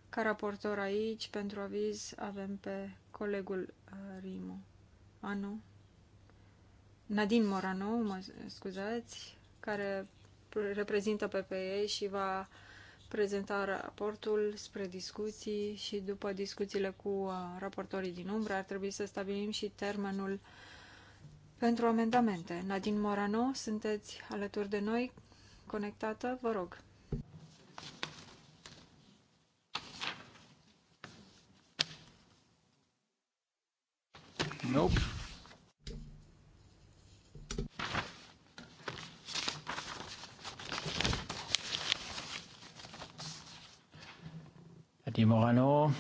Ca raportor aici, pentru aviz, avem pe colegul uh, Rimu. Anu. Nadine Morano, mă scuzați, care reprezintă PPE și va prezenta raportul spre discuții și după discuțiile cu uh, raportorii din umbră ar trebui să stabilim și termenul uh, pentru amendamente, Nadine Morano, sunteți alături de noi, conectată, vă rog. Nope. Nadine Morano,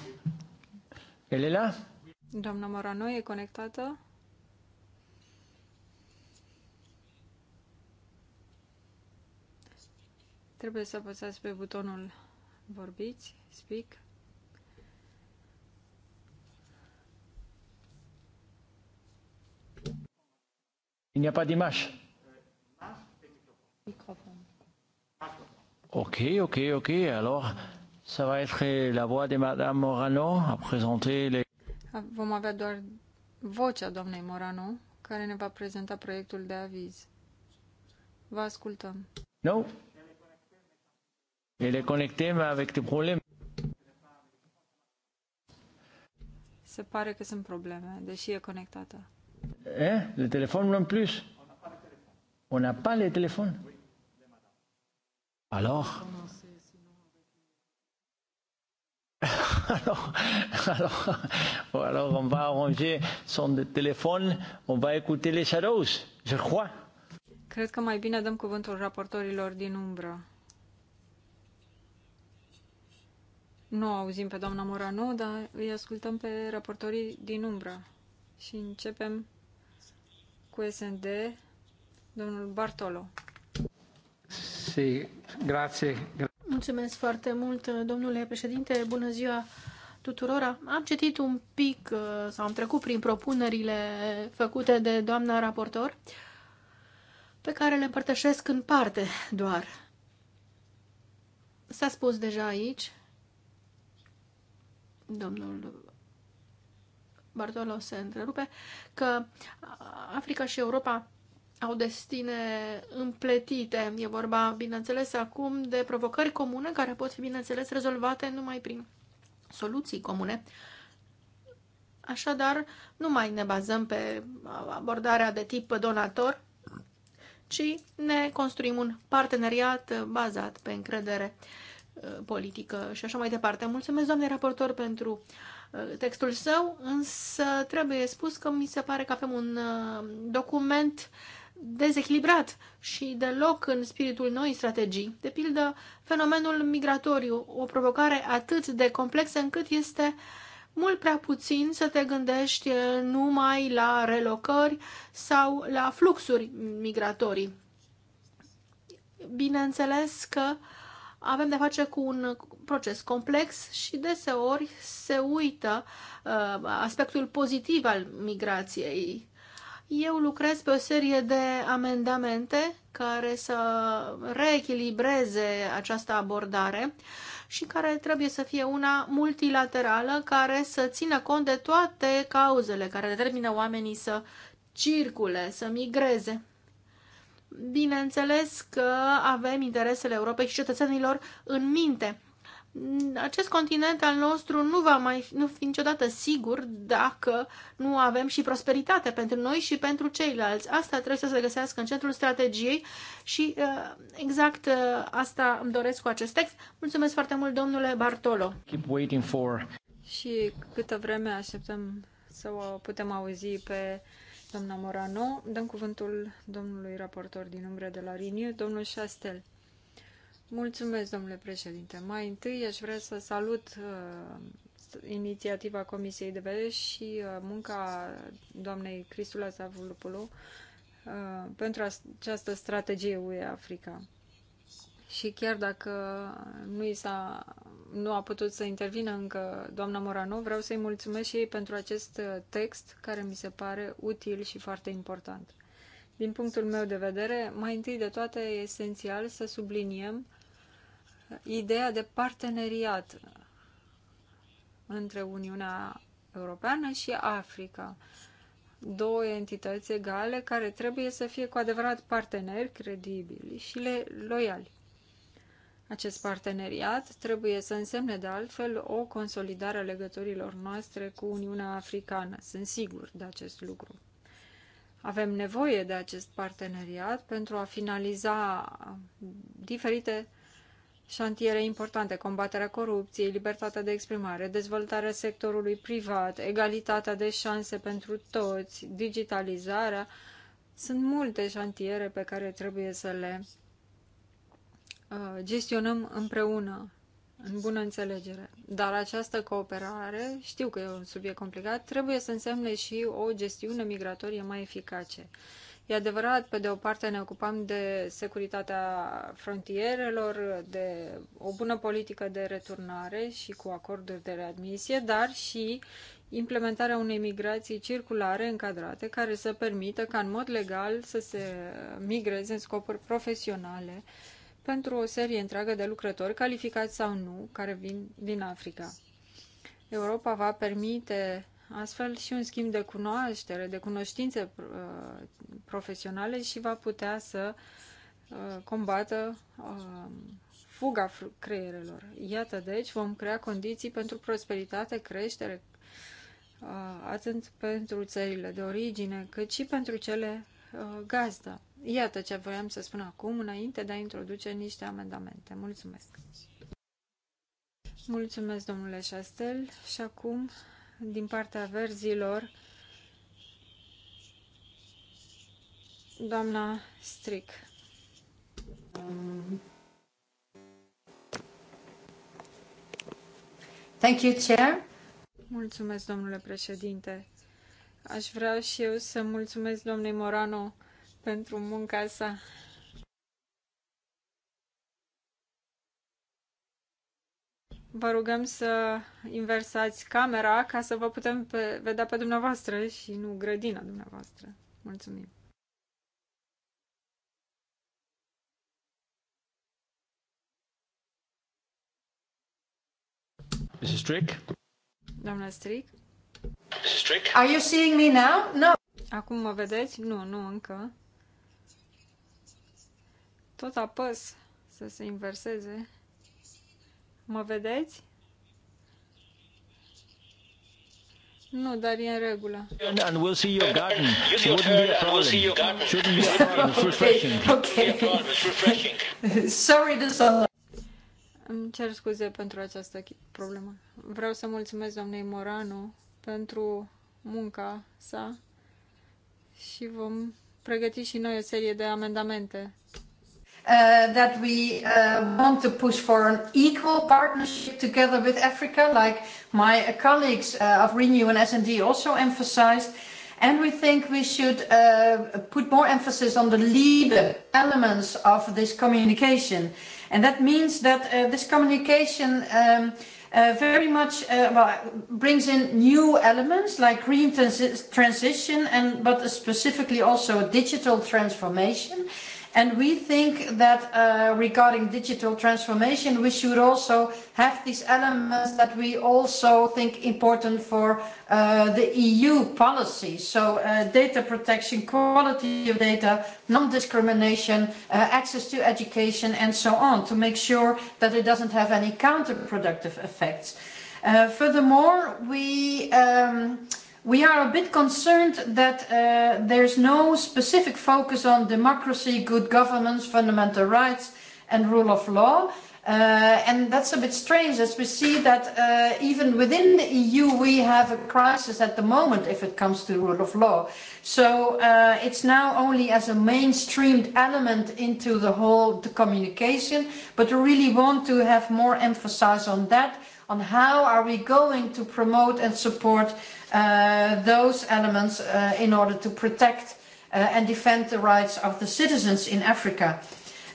El est là? Doamna Morano e conectată? trebuie să apăsați pe butonul Vorbiți, Speak. Il n'y a pas d'image. Ok, ok, ok. Alors, ça va être la voix de Madame Morano à présenter les... Vom avea doar vocea doamnei Morano, care ne va prezenta proiectul de aviz. Vă ascultăm. No? et les connecter mais avec des problèmes. Se pare că sunt probleme, deși e conectată. E? Eh? Le telefon nu în plus. On n'a pas le telefon. Alors alors, alors, alors on va arranger son de telefon, on va écouter les shadows, je crois. Cred că mai bine dăm cuvântul raportorilor din umbră. Nu auzim pe doamna Morano, dar îi ascultăm pe raportorii din umbră. Și începem cu SND, domnul Bartolo. Si, grazie. Mulțumesc foarte mult, domnule președinte. Bună ziua tuturora. Am citit un pic uh, sau am trecut prin propunerile făcute de doamna raportor, pe care le împărtășesc în parte doar. S-a spus deja aici domnul Bartolo se întrerupe, că Africa și Europa au destine împletite. E vorba, bineînțeles, acum de provocări comune care pot fi, bineînțeles, rezolvate numai prin soluții comune. Așadar, nu mai ne bazăm pe abordarea de tip donator, ci ne construim un parteneriat bazat pe încredere. Uh, politică și așa mai departe. Mulțumesc, doamne raportor, pentru uh, textul său, însă trebuie spus că mi se pare că avem un uh, document dezechilibrat și deloc în spiritul noi strategii. De pildă, fenomenul migratoriu, o provocare atât de complexă încât este mult prea puțin să te gândești numai la relocări sau la fluxuri migratorii. Bineînțeles că uh, avem de face cu un proces complex și deseori se uită uh, aspectul pozitiv al migrației. Eu lucrez pe o serie de amendamente care să reechilibreze această abordare și care trebuie să fie una multilaterală care să țină cont de toate cauzele care determină oamenii să circule, să migreze bineînțeles că avem interesele Europei și cetățenilor în minte. Acest continent al nostru nu va mai nu fi niciodată sigur dacă nu avem și prosperitate pentru noi și pentru ceilalți. Asta trebuie să se găsească în centrul strategiei și uh, exact uh, asta îmi doresc cu acest text. Mulțumesc foarte mult, domnule Bartolo. Keep waiting for... Și câtă vreme așteptăm să o putem auzi pe doamna Morano. Dăm cuvântul domnului raportor din umbră de la Riniu, domnul Șastel. Mulțumesc, domnule președinte. Mai întâi aș vrea să salut uh, inițiativa Comisiei de Vede și uh, munca doamnei Cristula Savulupulu uh, pentru această strategie UE Africa și chiar dacă nu, i s-a, nu a putut să intervină încă doamna Morano, vreau să-i mulțumesc și ei pentru acest uh, text care mi se pare util și foarte important. Din punctul meu de vedere, mai întâi de toate e esențial să subliniem uh, ideea de parteneriat între Uniunea Europeană și Africa. Două entități egale care trebuie să fie cu adevărat parteneri credibili și le loiali. Acest parteneriat trebuie să însemne de altfel o consolidare a legăturilor noastre cu Uniunea Africană. Sunt sigur de acest lucru. Avem nevoie de acest parteneriat pentru a finaliza diferite șantiere importante, combaterea corupției, libertatea de exprimare, dezvoltarea sectorului privat, egalitatea de șanse pentru toți, digitalizarea. Sunt multe șantiere pe care trebuie să le Uh, gestionăm împreună, în bună înțelegere. Dar această cooperare, știu că e un subiect complicat, trebuie să însemne și o gestiune migratorie mai eficace. E adevărat, pe de o parte ne ocupăm de securitatea frontierelor, de o bună politică de returnare și cu acorduri de readmisie, dar și implementarea unei migrații circulare încadrate care să permită ca în mod legal să se migreze în scopuri profesionale pentru o serie întreagă de lucrători, calificați sau nu, care vin din Africa. Europa va permite astfel și un schimb de cunoaștere, de cunoștințe uh, profesionale și va putea să uh, combată uh, fuga creierelor. Iată, deci, vom crea condiții pentru prosperitate, creștere, atât pentru țările de origine, cât și pentru cele gazdă. Iată ce voiam să spun acum, înainte de a introduce niște amendamente. Mulțumesc! Mulțumesc, domnule Șastel. Și acum, din partea verzilor, doamna Stric. Thank you, Chair. Mulțumesc, domnule președinte. Aș vrea și eu să mulțumesc doamnei Morano pentru munca sa. Vă rugăm să inversați camera ca să vă putem pe, vedea pe dumneavoastră și nu grădina dumneavoastră. Mulțumim! Mrs. Strick? Doamna Strick? Mrs. Strick? Are you seeing me now? No. Acum mă vedeți? Nu, nu încă. Tot apăs să se inverseze. Mă vedeți? Nu, dar e în regulă. And we'll see your garden. It wouldn't be a problem. We'll see your garden. Shouldn't be a problem. It's refreshing. Okay. Sorry to someone. Îmi cer scuze pentru această problemă. Vreau să mulțumesc doamnei Moranu pentru munca sa și vom pregăti și noi o serie de amendamente. Uh, that we uh, want to push for an equal partnership together with Africa, like my uh, colleagues uh, of Renew and SD also emphasized. And we think we should uh, put more emphasis on the leader elements of this communication. And that means that uh, this communication um, Uh, very much uh, well, brings in new elements like green transi transition and but specifically also digital transformation And we think that uh, regarding digital transformation, we should also have these elements that we also think important for uh, the EU policy. So uh, data protection, quality of data, non-discrimination, uh, access to education, and so on, to make sure that it doesn't have any counterproductive effects. Uh, furthermore, we... Um, We are a bit concerned that uh, there's no specific focus on democracy, good governance, fundamental rights and rule of law. Uh, and that's a bit strange as we see that uh, even within the EU we have a crisis at the moment if it comes to rule of law. So uh, it's now only as a mainstreamed element into the whole the communication, but we really want to have more emphasis on that, on how are we going to promote and support uh, Uh, those elements uh, in order to protect uh, and defend the rights of the citizens in Africa.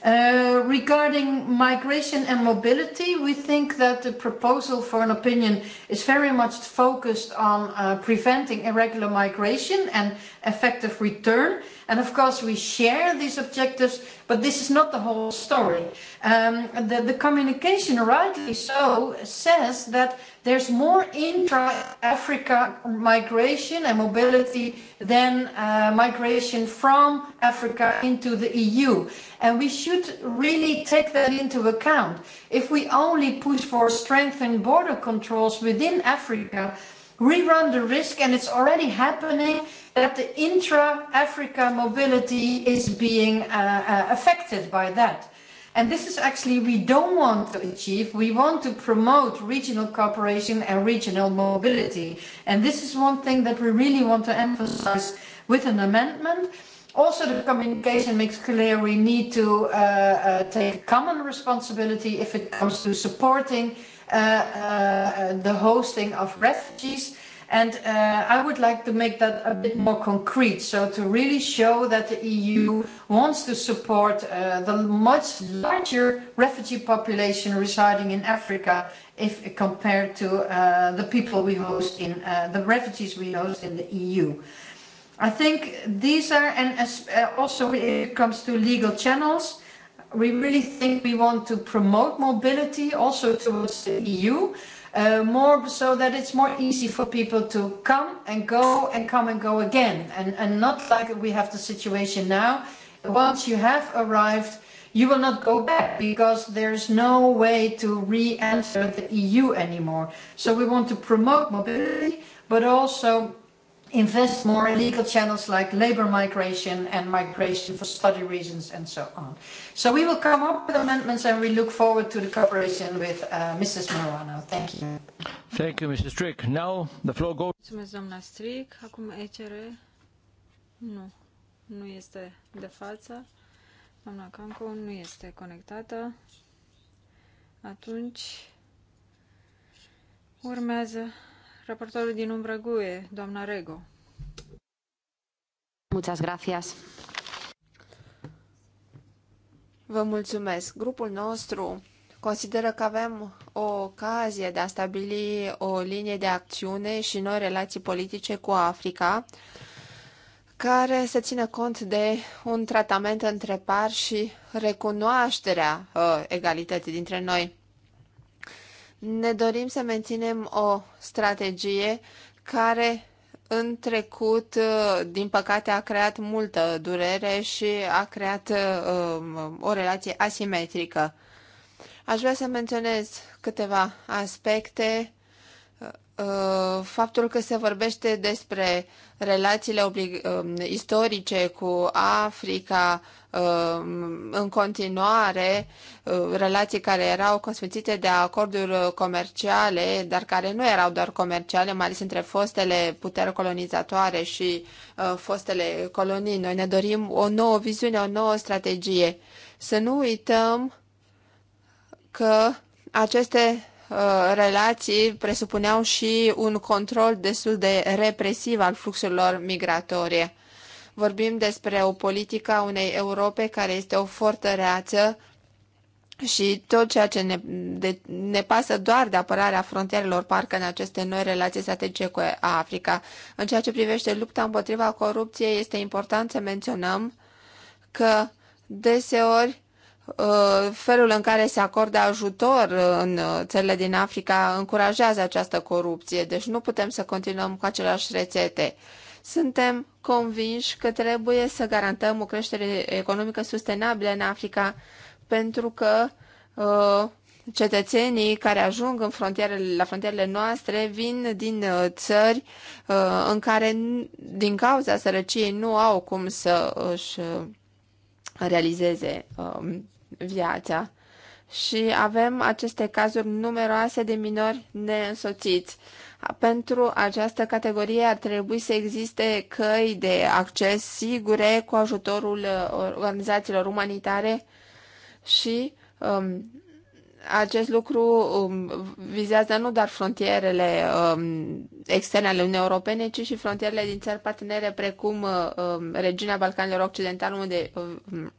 Uh, regarding migration and mobility, we think that the proposal for an opinion is very much focused on uh, preventing irregular migration and effective return. And of course, we share these objectives, but this is not the whole story. Um, the, the communication, rightly so, says that There's more intra-Africa migration and mobility than uh, migration from Africa into the EU. And we should really take that into account. If we only push for strengthened border controls within Africa, we run the risk, and it's already happening, that the intra-Africa mobility is being uh, uh, affected by that. And this is actually we don't want to achieve. We want to promote regional cooperation and regional mobility. And this is one thing that we really want to emphasize with an amendment. Also, the communication makes clear we need to uh, uh, take common responsibility if it comes to supporting uh, uh, the hosting of refugees And uh, I would like to make that a bit more concrete, so to really show that the EU wants to support uh, the much larger refugee population residing in Africa if compared to uh, the people we host in, uh, the refugees we host in the EU. I think these are, and as, uh, also it comes to legal channels, we really think we want to promote mobility also towards the EU uh, more so that it's more easy for people to come and go and come and go again, and, and not like we have the situation now. Once you have arrived, you will not go back because there's no way to re-enter the EU anymore. So we want to promote mobility, but also invest more in legal channels like labor migration and migration for study reasons and so on. So we will come up with amendments and we look forward to the cooperation with uh, Mrs. Morano. Thank you. Thank you, Mrs. Strick. Now the floor goes... Mulțumesc, doamna Strick. Acum ECR nu, nu este de față. Doamna Canco nu este conectată. Atunci urmează Raportorul din umbră GUE, doamna Rego. Muchas gracias. Vă mulțumesc. Grupul nostru consideră că avem o ocazie de a stabili o linie de acțiune și noi relații politice cu Africa care să țină cont de un tratament între par și recunoașterea uh, egalității dintre noi. Ne dorim să menținem o strategie care în trecut, uh, din păcate, a creat multă durere și a creat uh, um, o relație asimetrică. Aș vrea să menționez câteva aspecte Uh, faptul că se vorbește despre relațiile um, istorice cu Africa um, în continuare, uh, relații care erau consfințite de acorduri comerciale, dar care nu erau doar comerciale, mai ales între fostele puteri colonizatoare și uh, fostele colonii. Noi ne dorim o nouă viziune, o nouă strategie. Să nu uităm că aceste Uh, relații presupuneau și un control destul de represiv al fluxurilor migratorie. Vorbim despre o politică a unei Europe care este o fortăreață și tot ceea ce ne, de, ne pasă doar de apărarea frontierelor, parcă în aceste noi relații strategice cu Africa. În ceea ce privește lupta împotriva corupției, este important să menționăm că deseori Uh, felul în care se acordă ajutor în uh, țările din Africa încurajează această corupție, deci nu putem să continuăm cu aceleași rețete. Suntem convinși că trebuie să garantăm o creștere economică sustenabilă în Africa, pentru că uh, cetățenii care ajung în frontierele, la frontierele noastre vin din țări în care, din cauza sărăciei, nu au cum să își realizeze um, viața. Și avem aceste cazuri numeroase de minori neînsoțiți. Pentru această categorie ar trebui să existe căi de acces sigure cu ajutorul uh, organizațiilor umanitare și um, acest lucru um, vizează nu doar frontierele um, externe ale Uniunii Europene, ci și frontierele din țări partenere precum uh, um, regiunea Balcanilor Occidentale, unde um,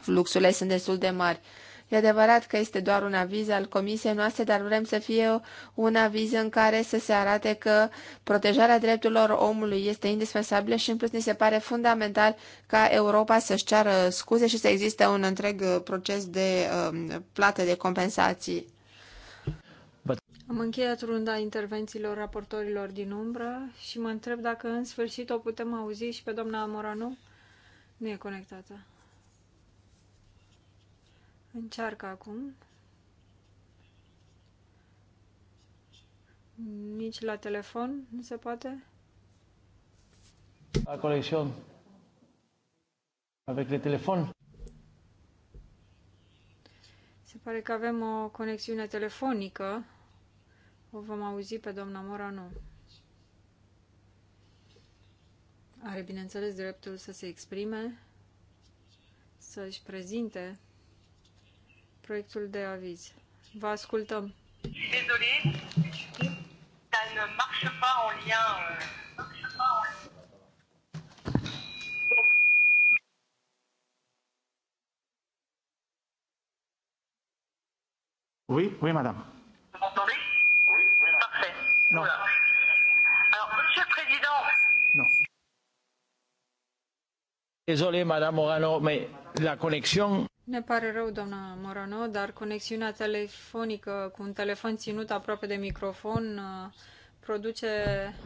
Fluxurile sunt destul de mari. E adevărat că este doar un aviz al comisiei noastre, dar vrem să fie un aviz în care să se arate că protejarea drepturilor omului este indispensabilă și în plus ni se pare fundamental ca Europa să-și ceară scuze și să existe un întreg uh, proces de um, plată de compensații. Am încheiat runda intervențiilor raportorilor din umbră și mă întreb dacă în sfârșit o putem auzi și pe doamna Moranu. Nu e conectată. Încearcă acum. Nici la telefon nu se poate? La conexion. Avec le telefon. Se pare că avem o conexiune telefonică. O vom auzi pe doamna nu. Are, bineînțeles, dreptul să se exprime, să-și prezinte proiectul de aviz. Vă ascultăm. Euh, oui, oui, madame. Vous m'entendez Oui, oui. madame. Parfait. Non. Voilà. Alors, monsieur le président. Non. Désolé, madame Morano, mais la connexion. Ne pare rău, doamna Morano, dar conexiunea telefonică cu un telefon ținut aproape de microfon uh, produce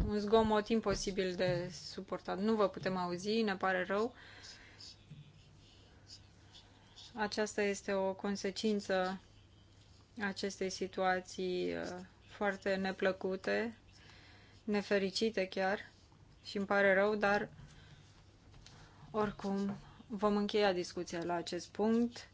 un zgomot imposibil de suportat. Nu vă putem auzi, ne pare rău. Aceasta este o consecință acestei situații uh, foarte neplăcute, nefericite chiar și îmi pare rău, dar oricum Vom încheia discuția la acest punct.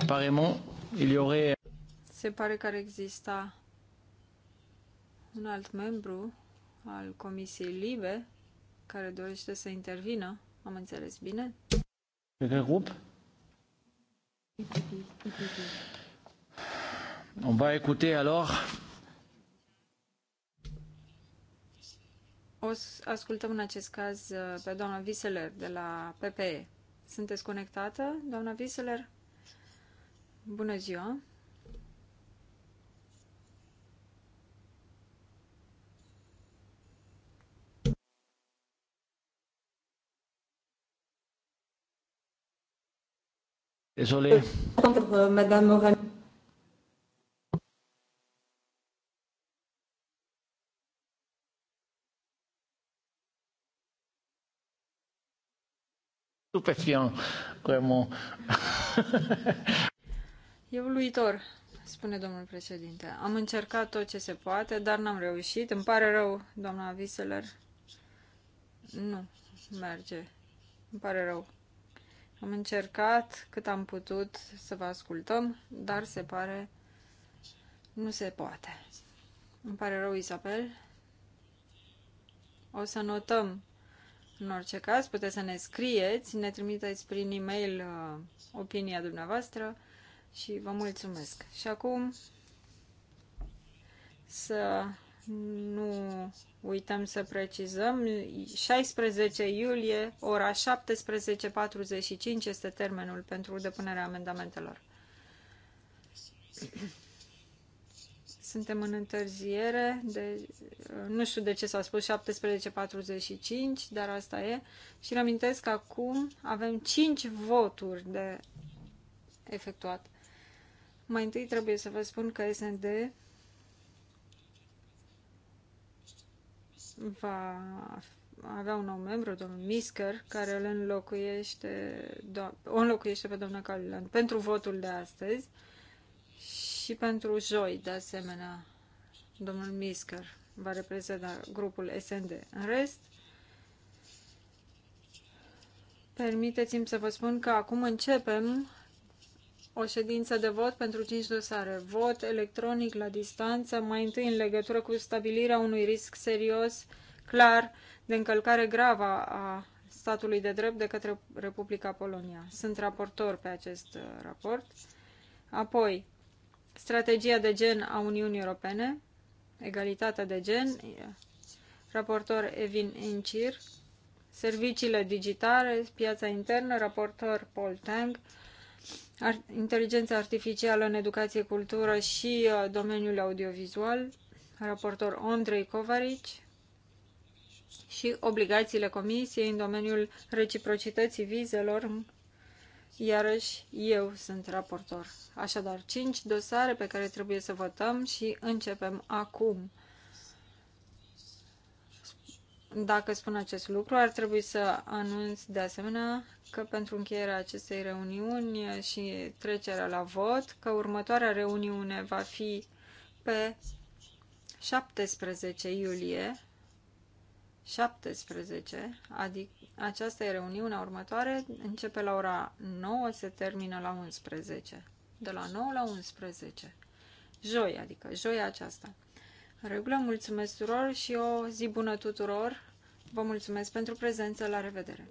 Apparemment, il y aurait... Se pare că ar exista un alt membru al Comisiei Libe care dorește să intervină. Am înțeles bine? Grup. On va écouter alors. O ascultăm în acest caz uh, pe doamna Viseler de la PPE. Sunteți conectată, doamna Viseler? Bună ziua! Désolé. Euh, euh, madame Morin. Stupefiant, vraiment. e uluitor, spune domnul președinte. Am încercat tot ce se poate, dar n-am reușit. Îmi pare rău, doamna Wieseler. Nu, merge. Îmi pare rău. Am încercat cât am putut să vă ascultăm, dar se pare nu se poate. Îmi pare rău, Isabel. O să notăm în orice caz, puteți să ne scrieți, ne trimiteți prin e-mail uh, opinia dumneavoastră și vă mulțumesc. Și acum să nu uităm să precizăm, 16 iulie, ora 17.45 este termenul pentru depunerea amendamentelor. Suntem în întârziere, de, nu știu de ce s-a spus 17.45, dar asta e. Și reamintesc că acum avem 5 voturi de efectuat. Mai întâi trebuie să vă spun că SND va avea un nou membru, domnul Misker, care îl înlocuiește, o înlocuiește pe doamna Calilan pentru votul de astăzi și pentru joi, de asemenea, domnul Misker va reprezenta grupul SND. În rest, permiteți-mi să vă spun că acum începem o ședință de vot pentru 5 dosare. Vot electronic la distanță, mai întâi în legătură cu stabilirea unui risc serios, clar, de încălcare gravă a statului de drept de către Republica Polonia. Sunt raportor pe acest uh, raport. Apoi, strategia de gen a Uniunii Europene, egalitatea de gen, raportor Evin Incir, serviciile digitale, piața internă, raportor Paul Tang, ar, inteligența artificială în educație, cultură și uh, domeniul audiovizual, raportor Andrei Covarici, și obligațiile Comisiei în domeniul reciprocității vizelor, iarăși eu sunt raportor. Așadar, cinci dosare pe care trebuie să votăm și începem acum. Dacă spun acest lucru, ar trebui să anunț de asemenea că pentru încheierea acestei reuniuni și trecerea la vot, că următoarea reuniune va fi pe 17 iulie 17, adică aceasta e reuniunea următoare, începe la ora 9, se termină la 11. De la 9 la 11. Joi, adică joia aceasta regulă. Mulțumesc tuturor și o zi bună tuturor. Vă mulțumesc pentru prezență. La revedere!